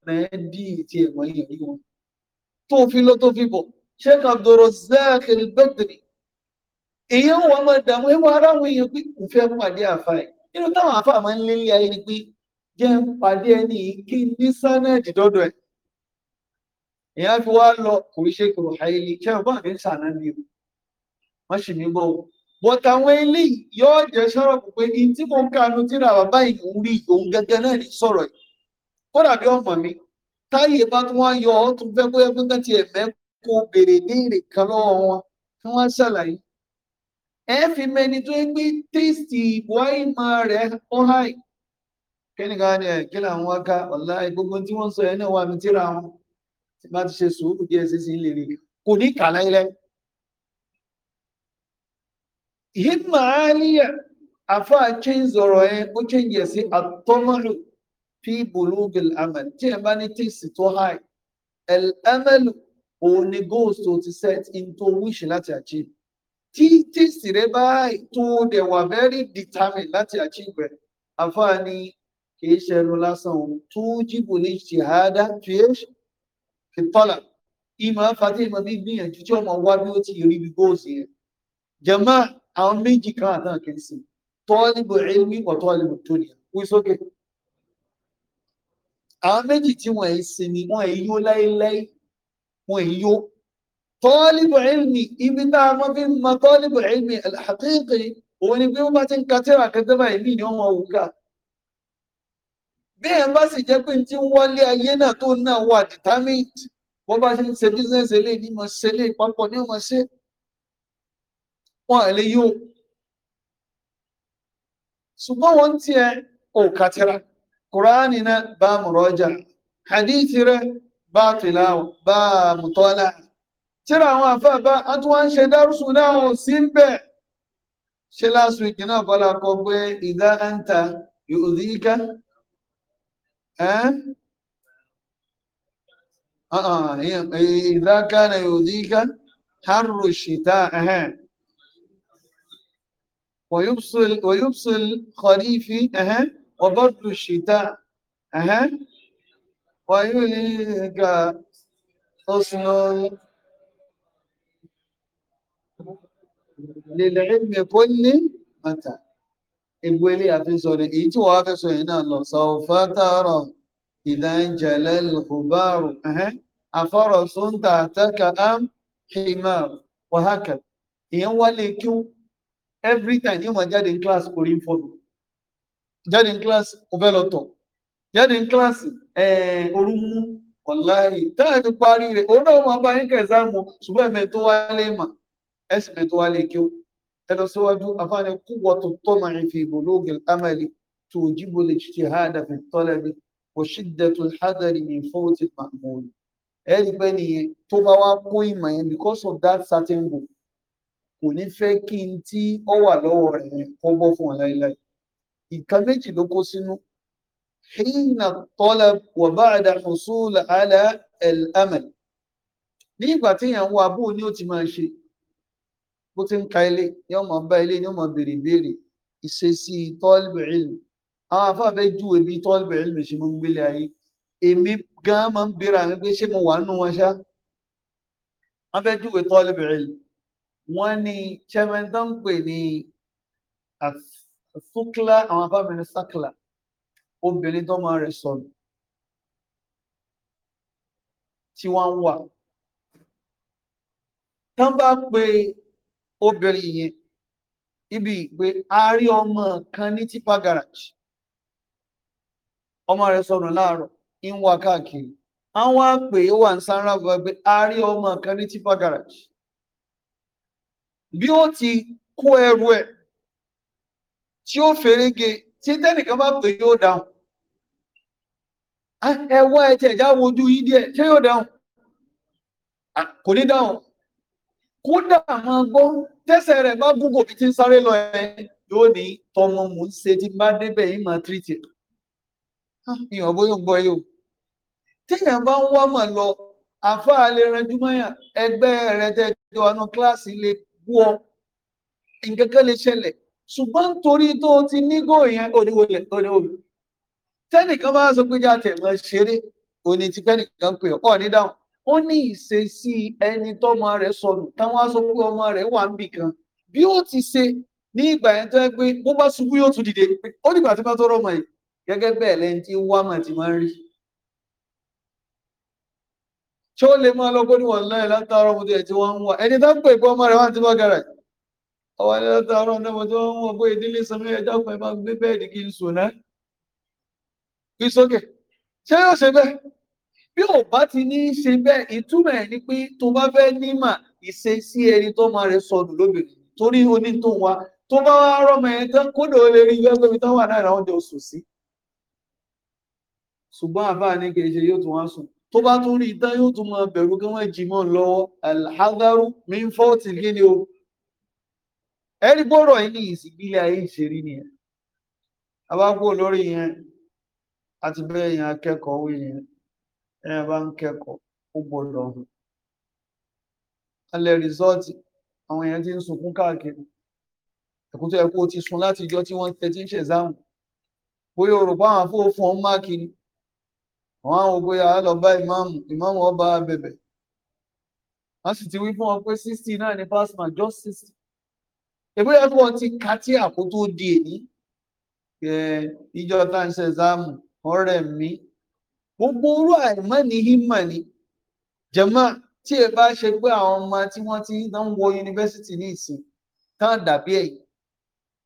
lẹ́ẹ̀ dí ti ẹ̀mọ̀ yìí rí wọn tó fi ló tó fi bọ̀ ṣé kàbdọ̀rọ̀ zákìrì bẹ́tìrì èyí ń wọ́n máa dààmú ẹwọ́ ara wọn èèyàn pé kò fẹ́ pàdé àfa ẹ̀ nínú táwọn àfa máa ń lé ilé ayé ni pé jẹ́ ń pàdé ẹni kí ní sánẹ́ẹ̀dì dọ́dọ̀ ẹ̀ èèyàn fi wá lọ kò ṣe kòrò àyè ni o má but àwọn ilé yóò jẹ́ sọ̀rọ̀ pé in tí mo ń kanu tí ra bàbá ìlú rí òun gẹ́gẹ́ náà ní sọ̀rọ̀ yìí kó dàbí ọmọ mi táyé bá tún wá yọ ọ tún fẹ́ bóyá pé kàn ti ẹ̀fẹ́ kó béèrè ní èrè kan lọ́wọ́ wọn kí wọ́n ṣàlàyé ẹ fi mẹni tó ń gbé tíìsì ìwáìmọ rẹ ó háì kẹ́nìkan ni ẹ̀ kí làwọn wá ká ọ̀la gbogbo tí wọ́n sọ ẹ̀ náà wà mí tíra wọn tí bá ti ṣe sùúrù díẹ̀ sí sí lè rí kò ní kà láyé lẹ́yìn himma aliya afa change ọ̀rọ̀ yẹn ó change yẹ sí atọ́mọ́rù fi bulugil amal tí ẹ bá ní tíìsì tó high el amalu òun ni goals tó ti set into wish láti achieve tí tíìsì rẹ bá tó dẹ̀ wà very determined láti achieve rẹ afa ni kì í ṣẹnu lásán o tó jíbò ní ṣìhádá fi é fi tọ́là ìmọ̀ fàtí ìmọ̀ bí gbìyànjú tí ọmọ wá bí ti rí bí goals yẹn jẹ́mọ́ àwọn méjì kan àtàn kìí sí tọ́lìbù ilmi wà tọ́lìbù dunya wí sókè àwọn méjì tí wọ́n èyí sí ni wọ́n èyí yóò láíláí wọ́n èyí yóò tọ́lìbù ilmi ibi náà wọ́n fi mọ tọ́lìbù ilmi al òun ni bí wọ́n bá ti ń ka tẹ́rà kẹtẹ́bà ìlú ni wọ́n wù ká bí ẹ̀ bá sì jẹ́ pé tí ń wálé ayé náà tó náà wà determined wọ́n bá ṣe ń ṣe business wọn àlè yóò ṣùgbọ́n wọn tiẹ̀ ò kàtẹ́ra kùránì náà bá mùrọ́jà hadithi rẹ̀ bá tìláwà bá mùtọ́lá tíra àwọn àfáàbá àtúwà ń ṣe dárúsù náà ò sí ń bẹ̀ ṣe last week náà bọ́lá kọ pé ìdá ẹ̀ǹtà yòòdìíká ìdá kánà yòòdìíká harro ṣìta ẹ̀hẹ́n ويبصل ويبصل خريفي أها وبرد الشتاء أها ويلك حسن للعلم كل متى ìwé ilé àfihàn rẹ̀ èyí tí wọ́n wá fẹ́ sọ yìí náà lọ sọ̀fà tààrọ̀ ìdájẹ̀lẹ̀ lùbárù afọ́rọ̀ sóńtà àtẹ́kà am himar wàhákà ìyẹn wálé kí every time yóò máa jáde ní kíláàsì kò rí ń fọdù jáde ní kíláàsì kò fẹ́ lọ tọ̀ jáde ní kíláàsì ooru eh, mú ọ̀láyìn táà ti parí rẹ̀ òun náà máa bá yín kẹsàn án mọ ṣùgbọ́n ẹ̀mẹ̀ tó wálé mà ẹ̀sìn mẹ̀ tó wálé kí ó ẹ lọ síwájú afáàní kú wọ́tò tó máa ń fi ìbò lóògì amẹ́lì tó jíbo lè ṣe hádà fi tọ́lẹ̀ mi kò ṣídẹ̀ tó hádàrí mi fọ́ọ̀tì màmúlù ẹ̀rí pẹ́ nìyẹn tó bá wá kó ìmọ̀ yẹn because of that certain book kò ní fẹ́ kí n tí ó wà lọ́wọ́ rẹ̀ kó bọ́ fún ọ láéláé méjì ló kó sínú حين الطلب وبعد حصول على الأمل nígbà tí èèyàn wá bó ni ó ti máa ṣe bó ti ń ka ilé yóò máa bá ilé yóò máa béèrè béèrè ìṣesí tọ́lbù ìlú àwọn afáfẹ́ ju ebi tọ́lbù ìlú ṣe máa gbélé ayé èmi gan máa ń béèrè àwọn pé ṣé mo wà nù wọn ṣá afẹ́ ju ebi ìlú wọ́n ní chairman tó ń pè ní sukla àwọn abámẹ́rin sakla obìnrin tó máa rẹ̀ sọnù tí wọ́n wà tán bá obere obìnrin yẹn ibi ìpè àárí ọmọ kan ní tipa garage ọmọ rẹ̀ sọnù láàárọ̀ ń wá káàkiri àwọn àpè wà ń sanra gbọgbẹ àárí ọmọ kan ní tipa garage bí ó ti kó ẹrù ẹ̀ tí ó fèrègé tí tẹ́nìkan bá pè yóò dáhùn ẹwọ́ ah, ẹ̀tẹ̀ ìjà wojú yìí díẹ̀ tí yóò dáhùn ah, kò ní dáhùn kódà máa gbọ́ tẹ́sẹ̀ rẹ̀ bá gúgò bí ti ń sáré lọ ẹ̀ yóò ní tọmọ mò ń ṣe tí bá débẹ̀ yìí máa tírìtì ìyàn ah, bóyá ń gbọ́ yìí o téèyàn bá ń wá mà lọ àfáà lè ranjú mọ́yà ẹgbẹ́ rẹ̀ tẹ́jọ́ anú kíláàsì lè kú ọ nǹkan kan lè ṣẹlẹ̀ ṣùgbọ́n nítorí tó o ti ní góò yẹn oníwòlẹ̀ oníwòlẹ̀ tẹ́nìkan bá sọ pé jáde ẹ̀mọ́ ṣeré òní ti pẹ́nìkan pè ọ́ ní dáhùn ó ní ìṣesí ẹni tọ́mọ rẹ̀ sọnù táwọn aṣọ pé ọmọ rẹ̀ wà ń bì kan bí ó ti ṣe ní ìgbà yẹn tó yẹ pé bó bá ṣubú yóò tún dìde ó nígbà tí bá tó rọmọ yìí gẹ́gẹ́ bẹ́ẹ̀ lẹ́yìn tí wàmọ̀ ti máa ń rí ṣé ó lè máa lọ gbóni wọn lẹ́yìn látàárọ̀ mo ti ẹ̀ tí wọ́n ń wà ẹni tó ń pè pé ọmọ rẹ̀ wá ti bọ́gẹ̀rẹ̀ ọwọ́ ẹni látàárọ̀ náà mo ti wọ́n ń wọ pé ìdílé sanmi ẹja fún ẹ máa gbé bẹ́ẹ̀dì kí n sùn náà kí sókè ṣé yóò ṣe bẹ́ẹ̀ bí ò bá ti ní í ṣe bẹ́ẹ̀ ìtumọ̀ ẹ̀ ni pé tó bá fẹ́ nímà ìṣe sí ẹni tó máa rẹ̀ sọnù lóbìnrin torí tó bá tún rí tán yóò tún máa bẹ̀rù kí wọ́n jì mọ́ lọ́wọ́ alhadaru min fọ́ọ̀tì gíní o ẹ̀rí gbọ́rọ̀ yìí ní ìsìnkílẹ̀ ayé ìṣeré nìyẹn abákò lórí yẹn àti bẹ́ẹ̀ yẹn akẹ́kọ̀ọ́ wí yẹn ẹ̀yẹn bá ń kẹ́kọ̀ọ́ ó gbọ́dọ̀ hàn alẹ́ rìsọ́ọ̀tì àwọn èèyàn ti ń sunkún káàkiri ẹ̀kútọ́ ẹ̀kú ti sun láti ìjọ tí wọ́n tẹ́tí ń ṣẹ̀záàmù bóyá òrùpá àwọn afọ́ fún ọ máàkì àwọn àwọn ògbé yàrá ah, lọ bá ìmáàmù ìmáàmù ọba bẹ̀bẹ̀ wọ́n sì ti wí fún wọn pé sixty náà ni pasma just sixty èbó yẹn fún wọn ti ka tí àkótó di èní ìjọ tá n ṣe ẹ̀sáàmù ọ̀rẹ́ mi gbogbo orú àìmọ́ ní hímà ni jẹ̀mọ́ tí ẹ bá ṣe pé àwọn ọmọ tí wọ́n ti ń wọ yunifásitì ní ìsìn tán dàbí ẹ̀yìn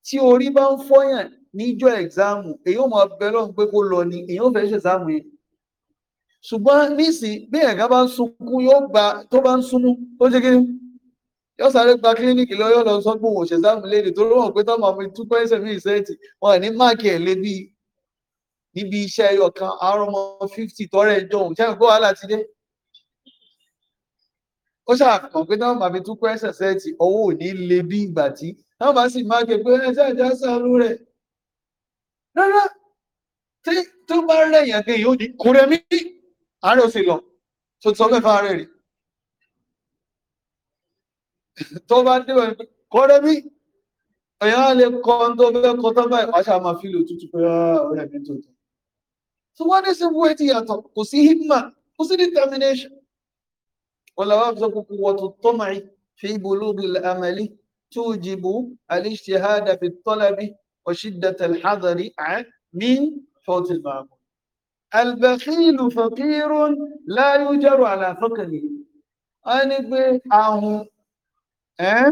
tí orí bá ń fọ́yàn níjọ́ ẹ̀sáàmù èyí ò mọ̀ bẹ́ẹ̀ lọ́n pé kó lọ ni èyí ò fẹ́ ṣe ẹ̀sáàmù yẹn ṣùgbọ́n nísìn bí ẹ̀gá bá ń sunkún yóò gba tó bá ń súnmú ó ṣe kíni yóò sáré gba kílíníìkì lọ yóò lọ sọ pé òun ṣèṣàmù léde tó lọ́wọ́ pé tọ́mọ mi tún pẹ́sẹ̀ mí ìṣẹ́ẹ̀tì wọn ní máàkì ẹ̀ lé bí níbi iṣẹ́ ẹyọ kan àárọ̀ ọmọ fífítì tọ́rẹ̀ ẹjọ́ òun ṣẹ́yìn pé wàhálà ti dé ó ṣàkàn pé táwọn màmí tún pẹ́sẹ̀ sẹ́ẹ̀tì owó ò ní le bí ìgbà tí táwọn bá sì máàkì pé ẹjẹ́ ìjà sàánú rẹ̀ rárá tí tó bá rẹ̀ yàn àárẹ̀ ò tó sọ mẹ́fà rẹ̀ rí tó bá débẹ̀ kọ́rẹ́ bí èèyàn á lè kọ́ ohun tó fẹ́ kọ́ tán báyìí wáṣà máa fi lò tútù pé ọ̀rẹ́ mi tó tán tó wá ní síbú ẹ̀ ti yàtọ̀ kò sí himma kò sí determination wọn làwọn àbúzọ kúkú wọtú tọ́màì fi bulughi al-amali tujibu al-ijtihada fi at-talabi wa shiddata al-hadari min fawti al-ma'mul albakilu fakirun láyú jẹ́rù àlàfọ́kànlì a ní pé ahun eh,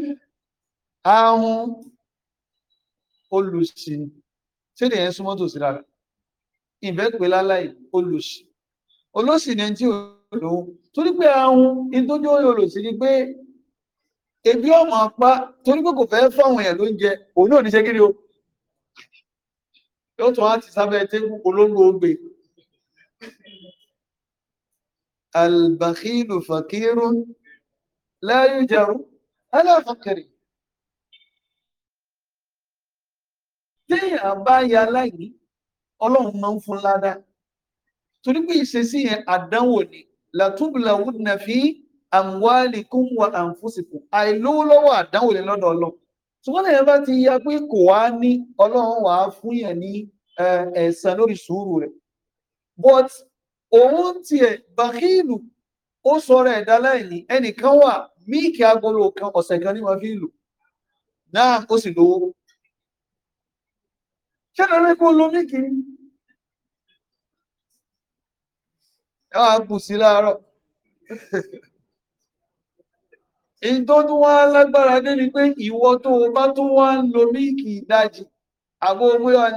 ahun olùsì tí lè yẹn súnmọ́ tòsí rárá ìbẹ́pẹ̀ láláì olùsì olósì ní tí olóhun torí pé ahun in tó jẹ́ olùsì ni pé ebi ọmọ apá torí pé kò fẹ́ fáwọn èèyàn lóúnjẹ òun náà ní ṣe kí ni o yóò tún á ti sábẹ́ tẹ́kù olóńgbò ó gbé البخيل فقير لا يجر على فقره téèyàn bá ya aláìní ọlọ́run máa ń fún ládàá torí pé ìṣesí yẹn àdánwò ni làtúbùlàwù nà fi amwalikum wa anfusikum àìlówó lọ́wọ́ àdánwò ni lọ́dọ̀ ọlọ́run ṣùgbọ́n èèyàn bá ti ya pé kò wá ní ọlọ́run wàá fún yẹn ní ẹ̀san lórí sùúrù rẹ̀ but òun ti ẹ̀ bàkíìlù ó sọ̀rọ̀ ẹ̀dá láìní ẹnìkan wà míìkì agolo kan ọsẹ kan ní wọn náà ó sì lówó kó lo míìkì ẹ wàá sí (laughs) lágbára dé ni pé ìwọ tó o bá tó wá ń lo míìkì àbó wa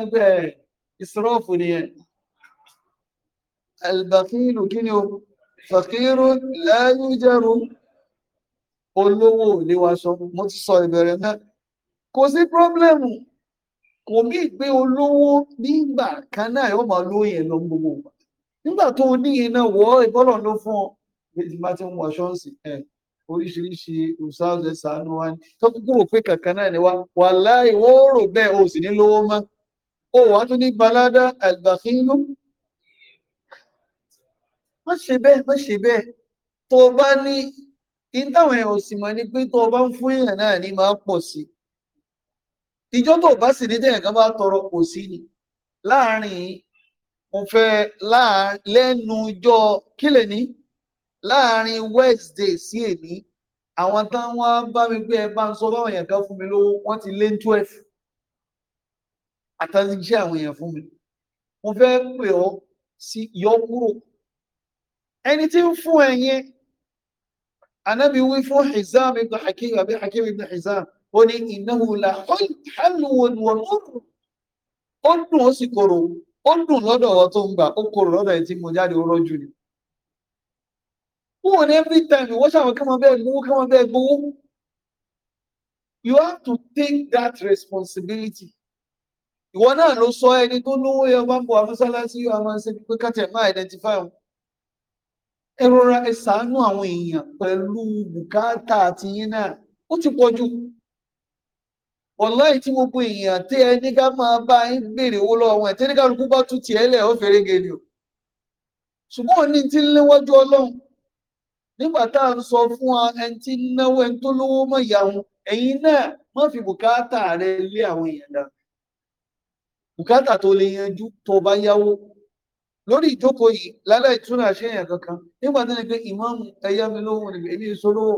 البخيل kí ni o fakiru láyé jẹrù olówó ní waṣọ mo ti sọ ìbẹ̀rẹ̀ náà kò sí pírọ́blẹ́mù kò mí pé olówó nígbà kan náà yóò máa lówó yẹn lọ gbogbo ìgbà nígbà tó o níyìn náà wọ ìbọ́lọ̀ ló fún ọ méjì máa ti ń wọ ṣọ́ọ̀ṣì ẹ̀ oríṣiríṣi òṣàṣẹ sànú wa ni tó kúkú pé kankan náà ni wa wà láì wọ́n bẹ́ẹ̀ o sì ní lówó mọ́ o wà tún ní balada albakilu má ṣe bẹ́ẹ̀ má ṣe bẹ́ẹ̀ tó o bá ní kí n táwọn èèyàn ò sì mọ̀ ni pé tó o bá ń fún èèyàn náà ní máa pọ̀ sí i ìjọ tó o bá sì ní tẹ̀yìn kan bá tọrọ kò sí ni láàárín mo fẹ́ lẹ́nu ọjọ́ kílẹ̀ ní láàárín Wednesday sí èní àwọn táwọn bá mi gbé ẹ bá ń sọ báwọn èèyàn kan fún mi lówó wọ́n ti lé twelve àtàlẹ́ iṣẹ́ àwọn èèyàn fún mi mo fẹ́ pè ọ́ sí yọ kúrò ẹni tí ń fún ẹ̀yin anábì wí fún Hizam ibn Hakim àbí Hakim ibn Hizam ó ní innahu la halwun wa murr ó dùn ó sì korò ó dùn lọ́dọ̀ ọ tó ń gbà ó korò lọ́dọ̀ ẹ̀ tí mo jáde ó rọ́jú ni wọn every time wọ́n ṣàwọn kí wọ́n bẹ́ẹ̀ gbowó kí wọ́n bẹ́ẹ̀ gbowó you have to take that responsibility ìwọ náà ló sọ ẹni tó lówó yẹn bá ń bọ̀ àmọ́sálásí yóò máa ń ṣe pé kátẹ̀ máa identify wọn. ẹ rọra àwọn èèyàn pẹ̀lú bùkátà àti yín náà ó ti pọ̀ jù tí èèyàn tí ẹni ká máa bá yín béèrè owó lọ́wọ́ wọn tí ẹni ká bá tún tiẹ̀ lẹ̀ gèlè o ṣùgbọ́n òní ti ń léwájú ọlọ́run nígbà tá à ń sọ fún wa náwó náà má bùkátà rẹ lé àwọn èèyàn bùkátà tó lórí ìjókòó yìí láláì túnra ṣe èèyàn kankan nígbà tó ní pé ìmáàmù ẹyá mi lówó ni èmi ń solówó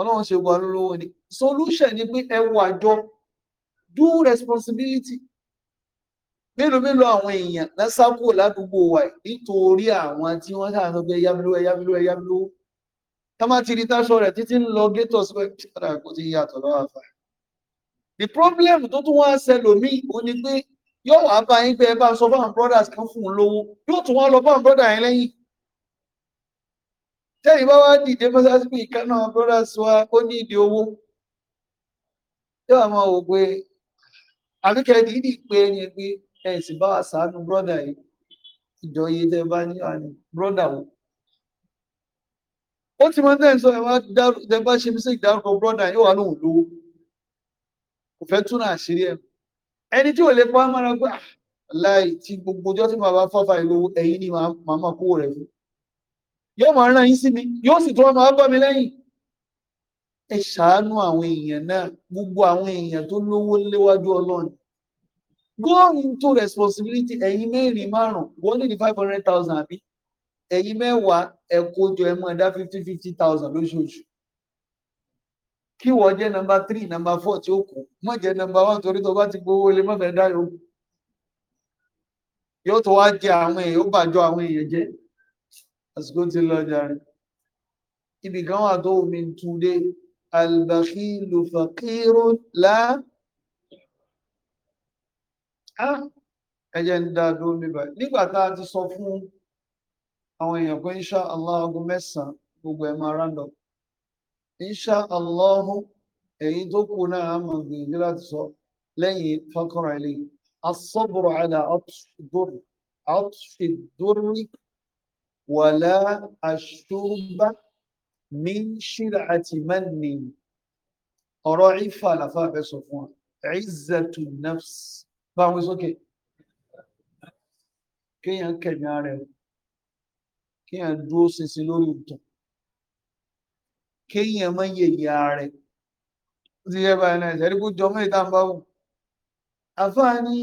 ọlọ́run ṣe wà lówó ni solution ni pé ẹ wà jọ do responsibility mélòó mélòó àwọn èèyàn lásákò ládùúgbò wa nítorí àwọn tí wọ́n ṣàṣọ pé ẹyá mi lówó ẹyá mi lówó ẹyá mi lówó tá má ti rí táṣọ rẹ̀ títí ń lọ gétò sí pé kò ti yàtọ̀ lọ́wọ́ àfà the problem tó tún wá ṣẹlòmíì ó ní pé yóò wá bá yín pé ẹ bá sọ brothers kan fún un lówó yóò tún wá lọ báwọn brother yẹn lẹ́yìn tẹ́yìn bá wá dìde mọ́sáàsì pé ìkan náà brothers wa ní ìdí owó yóò máa wò pé àbíkẹ́ pé ẹni pé ẹ sì bá wa sàánú brother yìí ìjọ yìí bá ní àná brother wò ti máa ń ẹni tí ò lè fọ́ mọ́ra gbà ah, láì tí gbogbo ọjọ́ tí màá bá fọ́fà ìlú ẹ̀yìn ni màá máa kówó rẹ̀ fún yóò máa ràn yín sí mi yóò sì tún máa bọ́ mi lẹ́yìn ẹ ṣàánú àwọn èèyàn náà gbogbo àwọn èèyàn tó lówó léwájú ọlọ́run go into responsibility ẹ̀yin mẹ́rin márùn wọ́n lè ní five hundred thousand àbí ẹ̀yin mẹ́wàá ẹ kó jọ fifty fifty thousand lóṣooṣù kí wọ́n jẹ́ nọmba three nọmba four tí ó kù má jẹ́ nọmba one torí tó bá ti gbowó ilé mọ́fẹ́ dá yòókù yóò tó wá jẹ àwọn èèyàn ó bàjọ àwọn èèyàn jẹ àsìkò ti lọ jàre ibì kan wà tó omi túnde albakhilu fakiru la ẹjẹ ń dá dúró mi nígbà tá a ti sọ fún àwọn èèyàn pé insha Allah aago mẹ́sàn gbogbo ẹ̀ máa rándọ̀ insha allahu ẹ̀yin tó kù náà a máa gbìyànjú láti sọ lẹ́yìn fọkànrán ilé asọ́bùrù àdá ọ̀tùfìdúrí wàlá àṣùbà ní ṣíra àti mẹ́ni ọ̀rọ̀ ìfà àlàfà fẹ́ sọ fún wa izzatu nafs báwọn sókè kéèyàn kẹ̀mí rẹ̀ kéèyàn dúró ṣinṣin lórí ìtàn kéèyàn mọ yẹyẹ ààrẹ ó ti yẹ báyìí náà ìṣẹ́rí kó jọ mọ́ ìta ń bá wù. àfáàní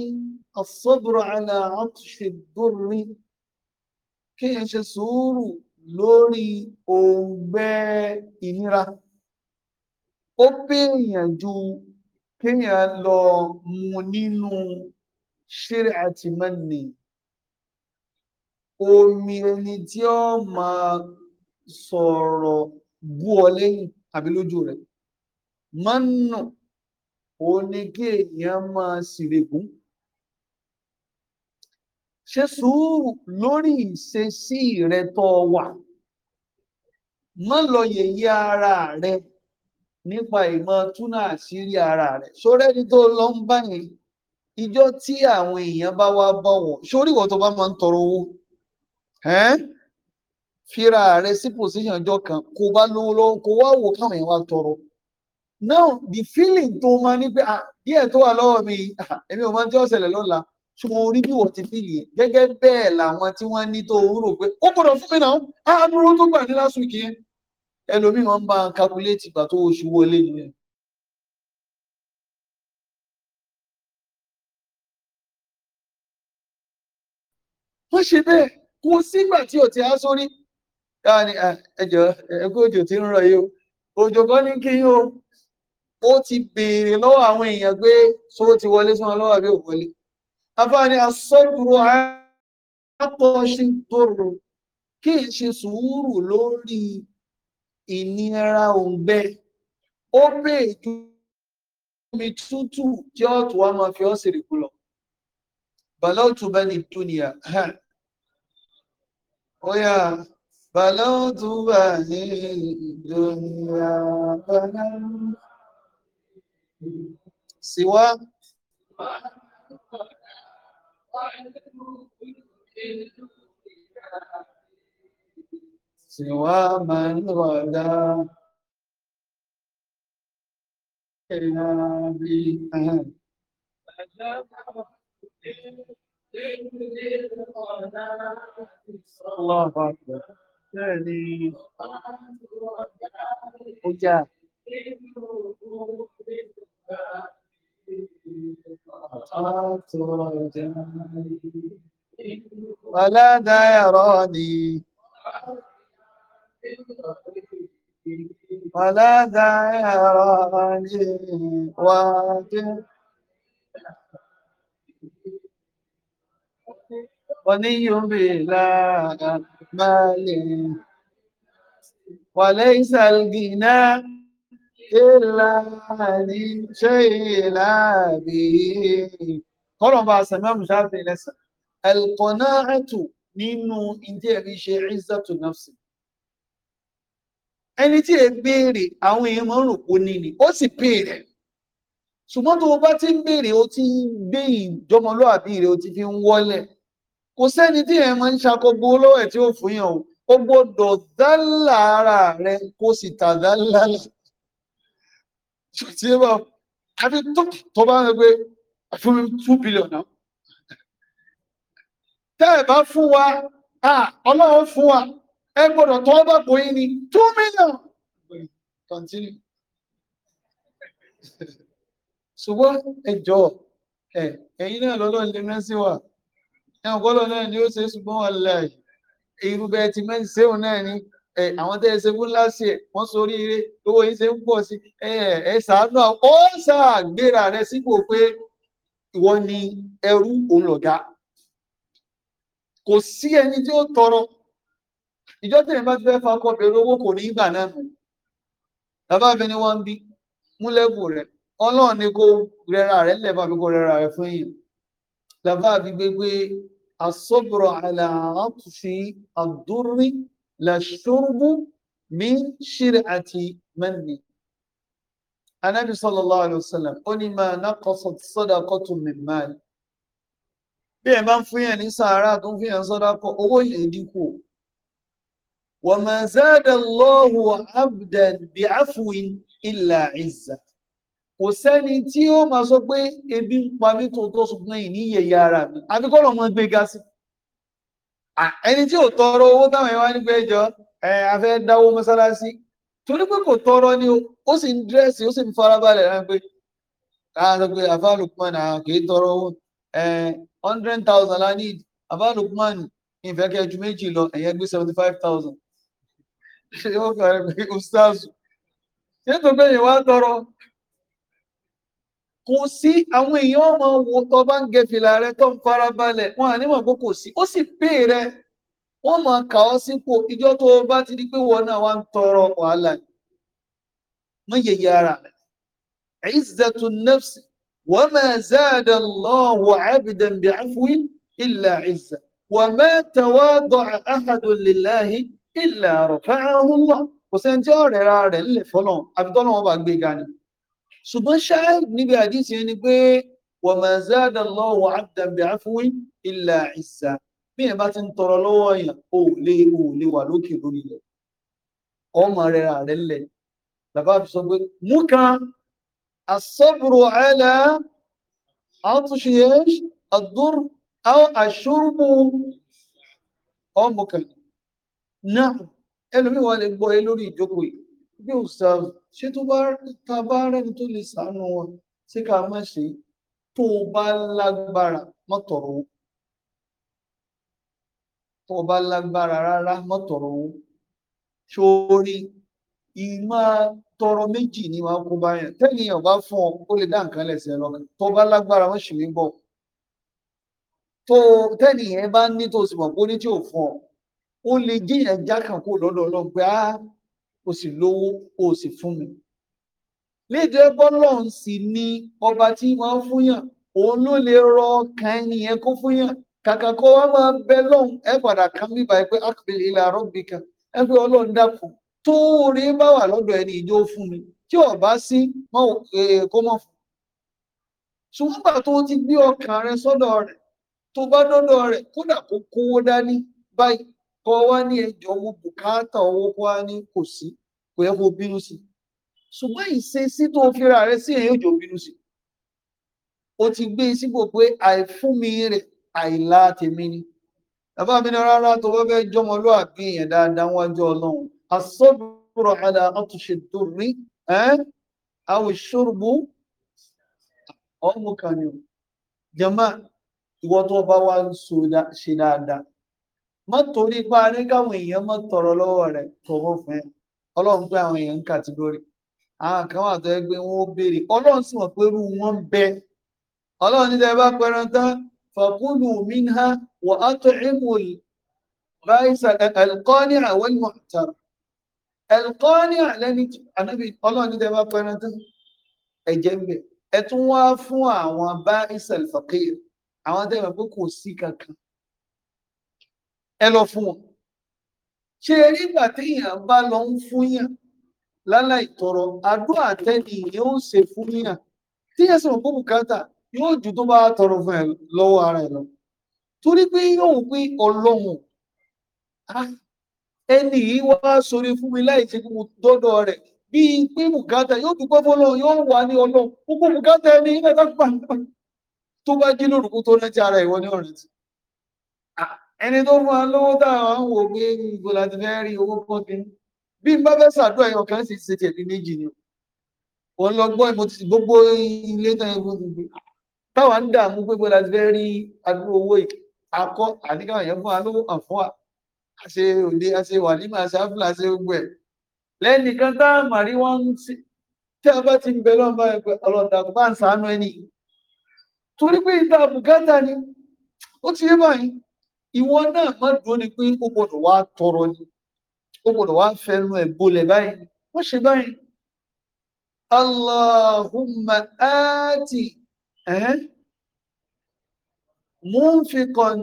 as-sabru ala atshi durri kéèyàn ṣe sùúrù lórí òǹgbẹ ìnira ó béèyàn ju kéèyàn lọ mu nínú ṣeré àti mẹ́ni omi ẹni tí ó máa sọ̀rọ̀ bú ọ lẹ́yìn àbí lójú rẹ̀ mọ́nù ò ní kí èèyàn máa ṣìrègùn ṣe sùúrù lórí ìṣesí rẹ tó wà má lọ yẹ̀yẹ́ ara rẹ nípa ìmọ̀ túnà àṣírí ara rẹ sórẹ́ni tó lọ ń bá yẹn ìjọ tí àwọn èèyàn bá wá bọ̀wọ̀ sórí ìwọ tó bá máa ń tọrọ owó fira rẹ sí position ọjọ́ kan kò bá lówó lọ́wọ́ kò wá wò káwọn èèyàn wá tọrọ now the feeling tó máa ní pé díẹ̀ tó wà lọ́wọ́ mi èmi ò máa ń tí ó ṣẹlẹ̀ orí bí wọ́n ti fi yìí gẹ́gẹ́ bẹ́ẹ̀ làwọn tí wọ́n ní tó rò pé ó gbọ́dọ̀ fún mi náà á dúró tó gbà ní lásù kí ẹlòmíì wọn bá calculate ìgbà tó oṣù wọlé nìyẹn. wọ́n ṣe bẹ́ẹ̀ kò sígbà tí ò ti há sórí káà ní ẹjọ́ ẹkú òjò tí ń rọ̀ yìí o òjò kan ní kí o ó ti béèrè lọ́wọ́ àwọn èèyàn pé sọ ti wọlé sí wọn lọ́wọ́ àbí ò wọlé afáàní asọ́dúró àpọ̀ṣe tòrò kí n ṣe sùúrù lórí ìnira òǹgbẹ ó béè ju omi tútù tí ọ̀tún wa máa fi ọ́ sì rìkú lọ bàlọ́ọ̀tù bá ní ó بلوت بني الدنيا فلم سوى سوى من غدا إلى بها الله أكبر bẹ́ẹ̀ ni ó jà. Wàlá dáyàrá ni. Wàlá dáyàrá ni wà dé. Wọ́n ní yóò bèèrè láàárín. مال وليس الغنى إلا عن شيء لا به قرن بقى سماه مشارف لسه القناعة nínú ìdí ẹ̀rí ṣe rízàtù nafsi ẹni tí ẹ béèrè àwọn èèyàn máa ń rò pó ní ni ó sì béèrè ṣùgbọ́n tó o bá ti ń béèrè o ti ń gbé ìjọmọlúàbí rẹ o ti fi ń wọ́lẹ̀ kò sẹ́ni tí ẹ̀ máa ń ṣàkóbó olówó ẹ̀ tí ó fún yàn o ó gbọ́dọ̀ dálà ara rẹ kó sì tà dálà ṣùtì ẹ bá àfi tó bá ń gbé fún mi two billion náà tẹ́ ẹ̀ bá fún wa ọlọ́run fún wa ẹ gbọ́dọ̀ tọ́ bá pò yín ni two million continue ṣùgbọ́n ẹjọ́ ẹ̀ ẹ̀yin náà lọ́lọ́ lè rán sí ẹ̀wọ̀n kọ́lọ̀ náà ni ó ṣe ṣùgbọ́n wà láàyè irúgbẹ́ ti mẹ́rin ṣéun náà ni àwọn tẹ́ ẹ ṣe fún láṣẹ ẹ̀ wọ́n sórí ire owó yìí ṣe ń pọ̀ sí ẹ ẹ ṣàánú ó ṣàgbéra rẹ sípò pé ìwọ ni ẹrú òun lọ̀gá kò sí ẹni tí ó tọrọ ìjọ tẹ̀yìn bá ti fẹ́ fa ọkọ̀ bẹ̀rẹ̀ owó kò ní ìgbà náà nù bàbá mi ni wọ́n ń bí múlẹ́bù rẹ̀ ọlọ́run ni kò rẹra rẹ̀ lẹ̀ mi kò rẹra rẹ̀ fún yìí làbá fi gbégbé asọ́bùrọ̀ àlàáfíì àdúrí làṣọ́rùbù min ṣírí àti mẹ́ni. Anábì sallallahu alaihi wasallam, ó ní máa nákọ̀ọ́sọ̀ sọ́dàkọ́tù min mali. Bí ẹ bá ń fún yẹn ní sàárà tó ń fún yẹn sọ́dàkọ́, owó yẹn dínkù. Wa ma zada Allahu abdan bi'afwin illa izza. kò sẹ́ni tí ó máa sọ pé ebi ń pa mí tó tó sùn lẹ́yìn ní yẹ̀yà ara mi gbé ga ẹni tí ò tọrọ owó táwọn ẹ̀wá nígbà ẹjọ́ ẹ̀ afẹ́ dáwó mọ́sálásí torí pé kò tọrọ ni ó sì ń dírẹ́sì ó sì ń farabalẹ̀ rẹ̀ pé pé àfáà tọrọ owó hundred thousand la need ìfẹ́ (laughs) kò sí àwọn èèyàn ọmọ wo tó bá ń gẹ fìlà rẹ tó ń fara balẹ̀ wọn ànímọ̀ pé kò sí ó sì pè rẹ wọn máa kà ọ sípò ìjọ tó bá ti di pé wọn náà wá ń tọrọ wàhálà yìí wọn yẹ yàrá rẹ izzatu nafsi wa ma zada Allahu abdan bi'afwi illa izza wa ma tawada'a ahadun lillahi illa rafa'ahu Allah kò sẹ́ni tí ọ̀rẹ́ ra rẹ̀ ńlẹ̀ fọlọ́n àbítọ́lọ́wọ́n bá gbé ga ni ṣùgbọ́n ṣá níbi àdìsí ẹni pé wa ma zada Allahu abdan bi afwin illa izza bí ẹ bá ti ń tọrọ lọ́wọ́ yẹn ò lè ò lè wà lókè lórí rẹ̀ ọmọ rẹ̀ rẹ̀ lẹ̀ bàbá fi sọ pé mú kan as-sabru ala atshi ad ọmọ kan náà ẹlòmíwà lè gbọ́ ẹ lórí ìjókòó yìí bí òṣìṣẹ́ ṣé tó bá ta bá rẹ́ni tó lè sàánú wọn ṣé ká má ṣe tó o bá lágbára má tọrọ tó o bá lágbára rárá má tọrọ owó sórí ìmọ̀ tọrọ méjì ni máa kó bá yẹn tẹ́nìyàn bá fún ọ ó lè dá nǹkan lẹ̀sẹ̀ lọ tó o bá lágbára má ṣì mí bọ̀ tó tẹ́nìyàn bá ní tó o sì mọ̀ pé ó ní tí ò fún ọ ó lè jíyàn já kàn pé á o sì lówó o sì fún mi nídìí sì ni ọba tí wọ́n fún yàn òun ló lè rọ ọkàn ẹnìyẹn kó fún yàn kàkà kó bẹ lọ́hùn ẹ kan bíbá ẹ pé akpèlè ilẹ̀ àrọ́bì kan ẹ pé ọlọ́run dàpọ̀ tó bá wà lọ́dọ̀ ẹni ìjọ fún mi tí ọba sí kó mọ̀ fún ṣùgbọ́n tó ti gbé ọkàn rẹ sọ́dọ̀ tó bá dọ́dọ̀ kódà kọ́ wá ní ẹjọ mo bùkátà owó wá ní kò sí kò yẹ kó bínú sí ṣùgbọ́n ìṣesí tó fira rẹ sí èyí òjò bínú sí o ti gbé e sípò pé àìfún mi rẹ àìlá tèmi ni bàbá mi ní rárá tó bá fẹ́ jọmọlúàbí yẹn dáadáa wájú ọlọ́run asọ́bùrọ̀ àdá àtúnṣe dòrí àwọn ìṣòrùbù jama ìwọ tó bá wá ń ṣe dáadáa má torí pé a ní káwọn èèyàn má tọrọ lọ́wọ́ rẹ̀ tọwọ́ fún ẹ ọlọ́run pé àwọn èèyàn ń kàtígórì àwọn kan wà tó yẹ pé wọn ó béèrè ọlọ́run sì mọ̀ pé wọn bẹ ọlọ́run nílẹ̀ bá pẹran tán fàkúlù minha wà á tó ìmùl ráìsà ẹ̀lkọ́ní àwọn ìmọ̀ àtàrà ẹ̀lkọ́ní àlẹ́ni ànábì ọlọ́run nílẹ̀ bá pẹran tán ẹ̀jẹ̀ ń bẹ ẹ tún wá fún àwọn bá ìsàlfàkìr àwọn tẹ̀wọ̀n pé kò sí kankan ẹ lọ fún wọn ṣe nígbà téèyàn bá lọ ń fúnyàn láláì tọrọ àdúrà tẹni ìyẹn ó ṣe fúnyàn téèyàn sọ̀rọ̀ kó bùkátà yóò ju tó bá tọrọ fún ẹ lọ́wọ́ ara ẹ lọ torí pé yóò pé ọlọ́run ah, ẹni yìí wá sórí fún mi láì ṣe kí mo dọ́dọ̀ rẹ̀ bíi pé bùkátà yóò dúpẹ́ fọlọ́ yóò wà ní ọlọ́run gbogbo bùkátà ẹni ilẹ̀ tó pa tó bá jí lórúkú tó rántí ara ìwọ ní ọ̀rẹ́ tí ah, ẹni tó fún wa lówó ń wò pé ìgò láti fẹ́ rí owó pọ́n ti bí n bá fẹ́ ẹ̀yọ̀ kan sì ṣe lọ gbọ́ ìmọ̀ tí gbogbo ilé tán ẹ̀fọ́ ti gbé táwa ń dààmú pé bọ́lá ti fẹ́ rí owó yìí yẹn fún hàn fún wa òde áfúlà gbogbo ẹ̀ tá a màrí wọ́n tí a bá ti ìwọ náà má dúró ni pé ó gbọ́dọ̀ wá tọrọ ni ó gbọ́dọ̀ wá fẹnu ẹ bolẹ̀ báyìí wọn ṣe báyìí allahumma ati eh? munfiqan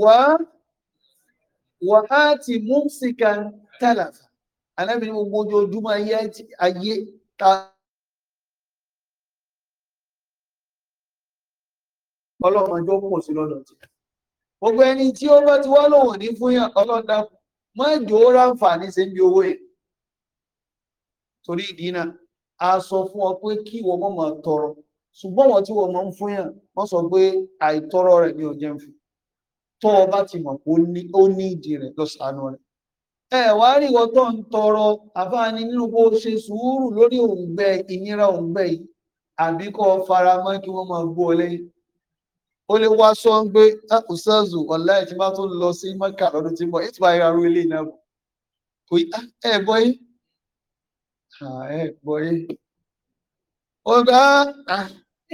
wa wa ati mumsikan talafa anábìrin gbogbo ojoojúmọ́ ayé ayé ta ọlọ́mọ ó pọ̀ sí lọ́dọ̀ tí gbogbo ẹni tí ó bá ti wá lòun ní fún yàn ọlọ́dà mọ́ ráǹfààní ṣe ń owó ẹ̀ torí ìdí náà a sọ fún ọ pé kí ìwọ mọ̀ máa tọrọ ṣùgbọ́n wọn tí wọ́n mọ̀ ń sọ pé rẹ̀ ni ń ọ bá ti mọ̀ pé ní ìdí rẹ̀ rẹ̀ ẹ wá rí ìwọ tó ń tọrọ àfáàní ṣe sùúrù lórí òǹgbẹ ìnira òǹgbẹ yìí ó lè wá sọ́ngbé ọ̀sánzù ah, ọ̀la ẹ̀ tí bá tún lọ sí mẹ́kà lọ́dún tí ah, ah, mọ̀ ètò ayé arú ilé náà kò ẹ̀ bọ́ yé ẹ̀ bọ́ yé ọ̀gá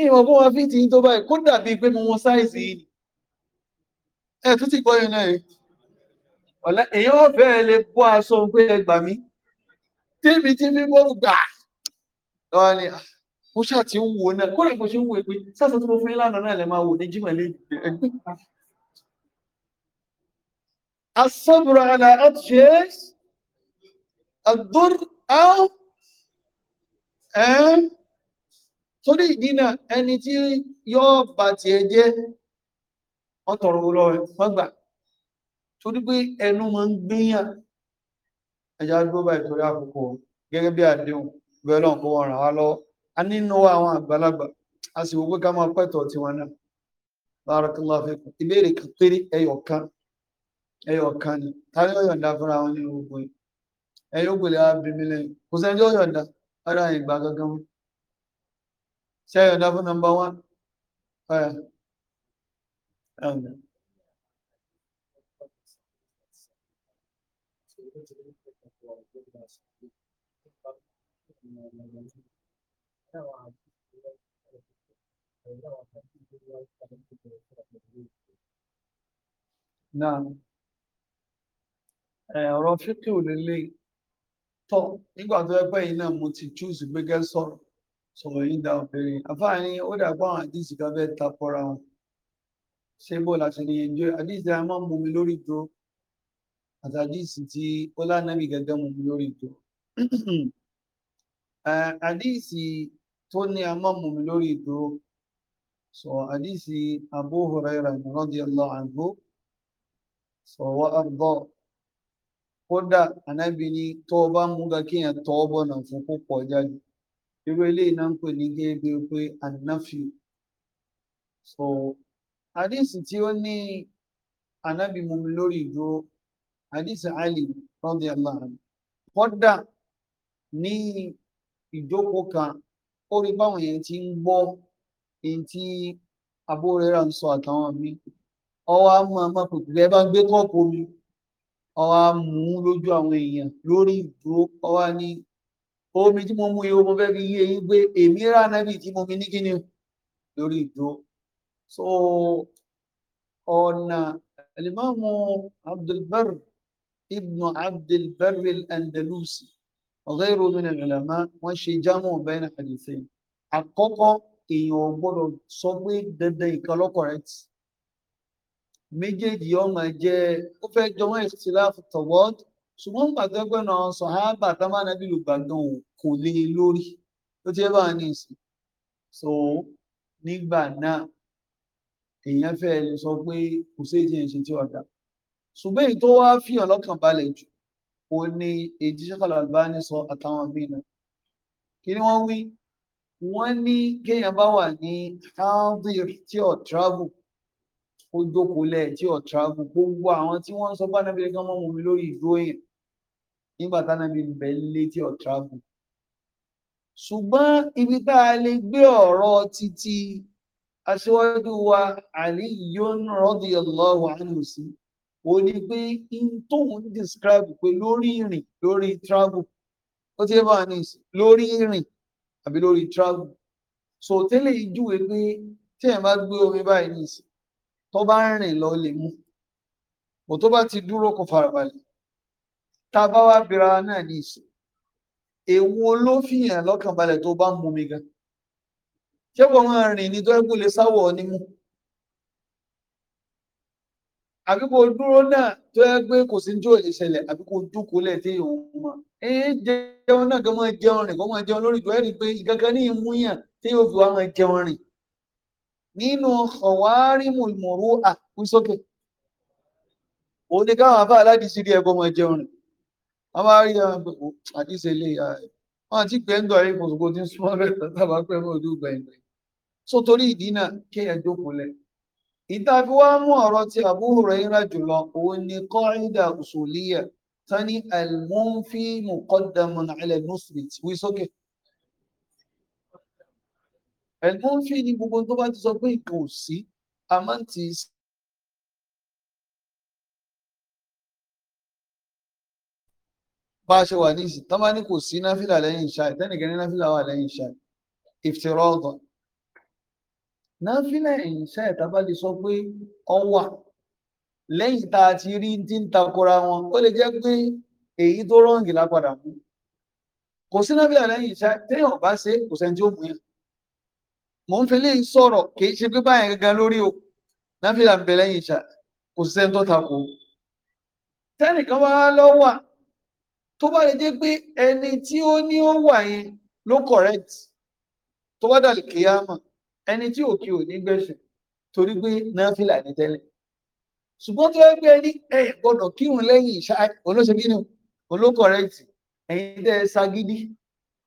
ìwọ̀n bó wọn fi ti tó báyìí kó dàbí pé mo wọn sáìsì yìí ẹ̀ tó ti gbọ́ yẹn náà ọ̀la èyàn ọ̀fẹ́ lè bọ́ aṣọ pé ẹ gbà mí tèmi tí mi mọ́ gbà lọ́wọ́ ni mo ṣáà ti ń wo náà kó lè mo ṣe ń wo pé sáàsán tí mo fún lánàá náà lè máa wò ní jimá lé asọ́bùrọ̀ àlà àtúnṣe àdúr áwọ̀ ẹ̀ẹ́n torí ìdí náà ẹni tí yóò bà tiẹ̀ jẹ́ wọ́n tọrọ lọ rẹ̀ wọ́n gbà torí pé ẹnu máa ń gbéyàn ẹja gbọ́ báyìí torí àkókò gẹ́gẹ́ bí àdéhùn bẹ́ẹ̀ lọ́n kó wọn ràn wá lọ́wọ́ a nínú àwọn àgbàlagbà a sì wò pé ká máa pẹ̀tọ̀ tiwọn náà bárakàlá fẹ́kù ìbéèrè kan péré ẹyọ ni táyọ̀ yọ̀ǹda fúnra wọn nínú gbogbo yìí ẹ̀yọ́ gbèlè abìmí lẹ́yìn kò sẹ́jọ́ yọ̀ǹda ara ìgbà gangan mú ṣe yọ̀ǹda fún wọn náà eh, ọ̀rọ̀ fíkì ò lélẹ̀ tọ́ nígbà tó yẹ pé yìí náà mo ti chúùsì gbégẹ́ sọ̀rọ̀ sọ̀rọ̀ yìí da obìnrin àfáàní ó dàgbọ́ àwọn àdìsí ká fẹ́ ta pọ́ra wọn ṣé bó la ṣe lè yẹnjọ́ àdìsí a máa ń mú mi lórí dúró àti àdìsí tí ó lánàá mi gẹ́gẹ́ mú mi lórí dúró (clears throat) eh, àdìsí tó ní a má mú mi lórí ìdúró so àdìsí Abu Hurairah radiyallahu anhu so wa arda kódà anábì ní tó o bá mú ga kéèyàn tọ́ ọ bọ̀nà fún púpọ̀ jáde irú eléyìí náà ń pè ní gẹ́gẹ́ pé anáfíù so àdìsí tí ó ní anábì mú mi lórí ìdúró àdìsí Ali radiyallahu anhu kódà ní ìjókòó kan ó rí báwọn yẹn ti ń gbọ́ èyí tí abúrera ń sọ àtàwọn mi ọwọ́ á mú àmọ́ pèpè bẹ́ẹ̀ bá ń gbé kọ́ọ̀pù omi ọwọ́ á mú un lójú àwọn èèyàn lórí ìdúró ọwọ́ á ní omi tí mo mú yìí mo fẹ́ fi yí eyín gbé èmi rà nábì tí mo mi ní kíni lórí ìdúró so ọ̀nà alimami abdulbar ibnu abdulbar al-andalusi ọ̀gáìrò min al-ulama wọ́n ṣe jámù bayna hadithayn àkọ́kọ́ èèyàn ò gbọ́dọ̀ sọ pé dandan ìkan ló correct méjèèjì ọmọ jẹ́ ó fẹ́ jọmọ́ ikhtilaf tawad ṣùgbọ́n gbàgbẹ́gbẹ́ náà sọ̀hábà támánàbí lùgbàgbọ́n kò lé lórí tó ti bá ní ìsìn so nígbà náà èèyàn fẹ́ sọ pé kò sí èdè ìṣe tí ọ̀dà ṣùgbọ́n èyí tó wá fihàn lọ́kàn balẹ̀ jù ó ní èjì ṣẹ́kọ̀lá Albani sọ àtàwọn míì náà kí ni wọ́n wí wọ́n ní kéèyàn bá wà ní aldir tí ò travel ó dókòólẹ̀ tí ò travel gbogbo àwọn tí wọ́n ń sọ bánabi kan mọ́ mi lórí ìdúró yẹn nígbà tánabi ń bẹ lé tí ò travel ṣùgbọ́n ibi tá a lè gbé ọ̀rọ̀ títí aṣíwájú wa Ali yóò rọ́dìyàn lọ́wọ́ àánú sí O n'ipe pé in tóun describe pé lórí ìrìn lórí travel ó ti bá ní lórí ìrìn àbí lórí travel so tẹ́lẹ̀ ìjúwe pé tí ẹ̀ bá gbé omi báyìí ní ìsìn tó bá ń rìn lọ lè mú bò tó bá ti dúró kó farabalẹ̀ tá a bá wá bira náà ní ìsìn èwo ló fìyàn lọ́kànbalẹ̀ tó bá mú mi gan ṣé kò máa rìn ní tó ẹ̀kú lè àbí kò dúró náà tó yẹ pé kò sí jó lè ṣẹlẹ̀ àbí kò dúkú lẹ̀ tí òun mọ̀ ẹ jẹun náà kan máa jẹun rìn kan máa jẹun lórí ìjọ ẹ̀rí pé ìgangan ní ìmúyàn tí yóò fi wá máa jẹun rìn nínú ọ̀wárí mùmùrú àkú òun ni káwọn afá aláàdì sí rí ẹgbọ́n máa jẹun rìn wọ́n máa rí àdìsí ilé ìyá rẹ̀ wọ́n àti pé ń dọ̀rí kòsòkò tí ń súnmọ́ bẹ́ẹ̀ (laughs) tàbá pẹ́ mọ́ ojú gbẹ̀yìn so torí ìdí náà ìtàfi wá mú ọ̀rọ̀ tí Abu Hurairah jùlọ òun ni qaida usuliyya tani al-munfi muqaddamun ala al-musbit wí sókè al-munfi ni gbogbo tó bá ti sọ pé nǹkan sí a bá ṣe wà ní ìsìn tán bá ní kò sí náfìlà lẹ́yìn ìṣá ìtẹ́nìkan ní náfìlà wà lẹ́yìn ìṣá ìfìtìrọ̀ ọ̀gàn náfílà ìṣẹ́ ìta bá lè sọ pé ọwà lẹ́yìn tá a ti rí tí ń takora wọn ó lè jẹ́ pé èyí tó rọ́ǹgì lápadà mú kò sí náfílà lẹ́yìn ìṣẹ́ téèyàn bá ṣe kò sẹ́ni tí ó mú yàn mò ń fi lè sọ̀rọ̀ kì í ṣe pé báyẹn gangan lórí o náfílà ń bẹ lẹ́yìn ìṣẹ́ kò sí sẹ́ni tó takò tẹ́nìkan wá lọ́wà tó bá lè jẹ́ pé ẹni tí ó ní ó wà yẹn ló correct tó bá dàlù kíyàmà ẹni tí òkè ò ní gbẹ̀sùn torí pé náfìlà ní tẹ́lẹ̀ ṣùgbọ́n tó ẹgbẹ́ ẹni ẹ gbọ́dọ̀ kírun lẹ́yìn ìṣá olóṣè ni olókọ̀rẹ́tì ẹ̀yin tẹ́ ẹ ṣagídí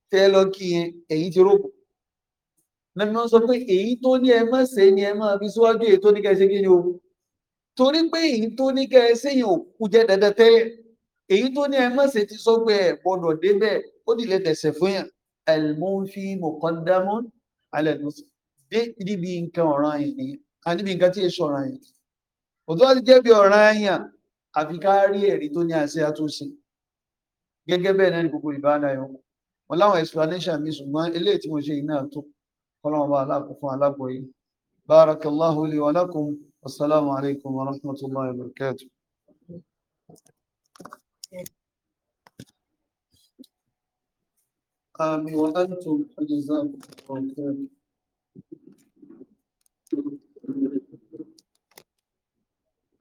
tẹ́ ẹ lọ kí yẹn ẹ̀yin ti rògbò lẹ́nu máa ń sọ pé èyí tó ní ẹ má ṣe ni ẹ máa fi síwájú èyí tó ní kẹ́ ẹ ni o torí pé èyí tó ní kẹ́ ẹ ṣe yẹn ò kú jẹ́ dandan tẹ́lẹ̀ èyí tó ní ẹ má ṣe ti sọ pé ẹ gbọ́dọ̀ débẹ̀ ó dìlẹ̀ tẹ̀sẹ̀ fún yàn al-munfi muqaddamun ala al-muslim dé níbi nǹkan ọ̀ràn yìí ni a níbi nǹkan tí èso ọ̀ràn yìí òtún láti jẹ́ bí ọ̀ràn ẹ̀yàn àfi ká rí ẹ̀rí tó ní àṣẹ àtúnṣe gẹ́gẹ́ bẹ́ẹ̀ náà ní gbogbo ìbáná ẹ̀hún wọn láwọn explanation mi ṣùgbọ́n eléyìí tí mo ṣe yìí náà tó kọ́lọ́wọ́n bá aláàkó fún alágbọ̀ yìí barakallahu li wa lakum wasalaamu alaykum wa rahmatulahi wa barakatuh. آمين وأنتم جزاكم الله خيرا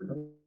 Thank you.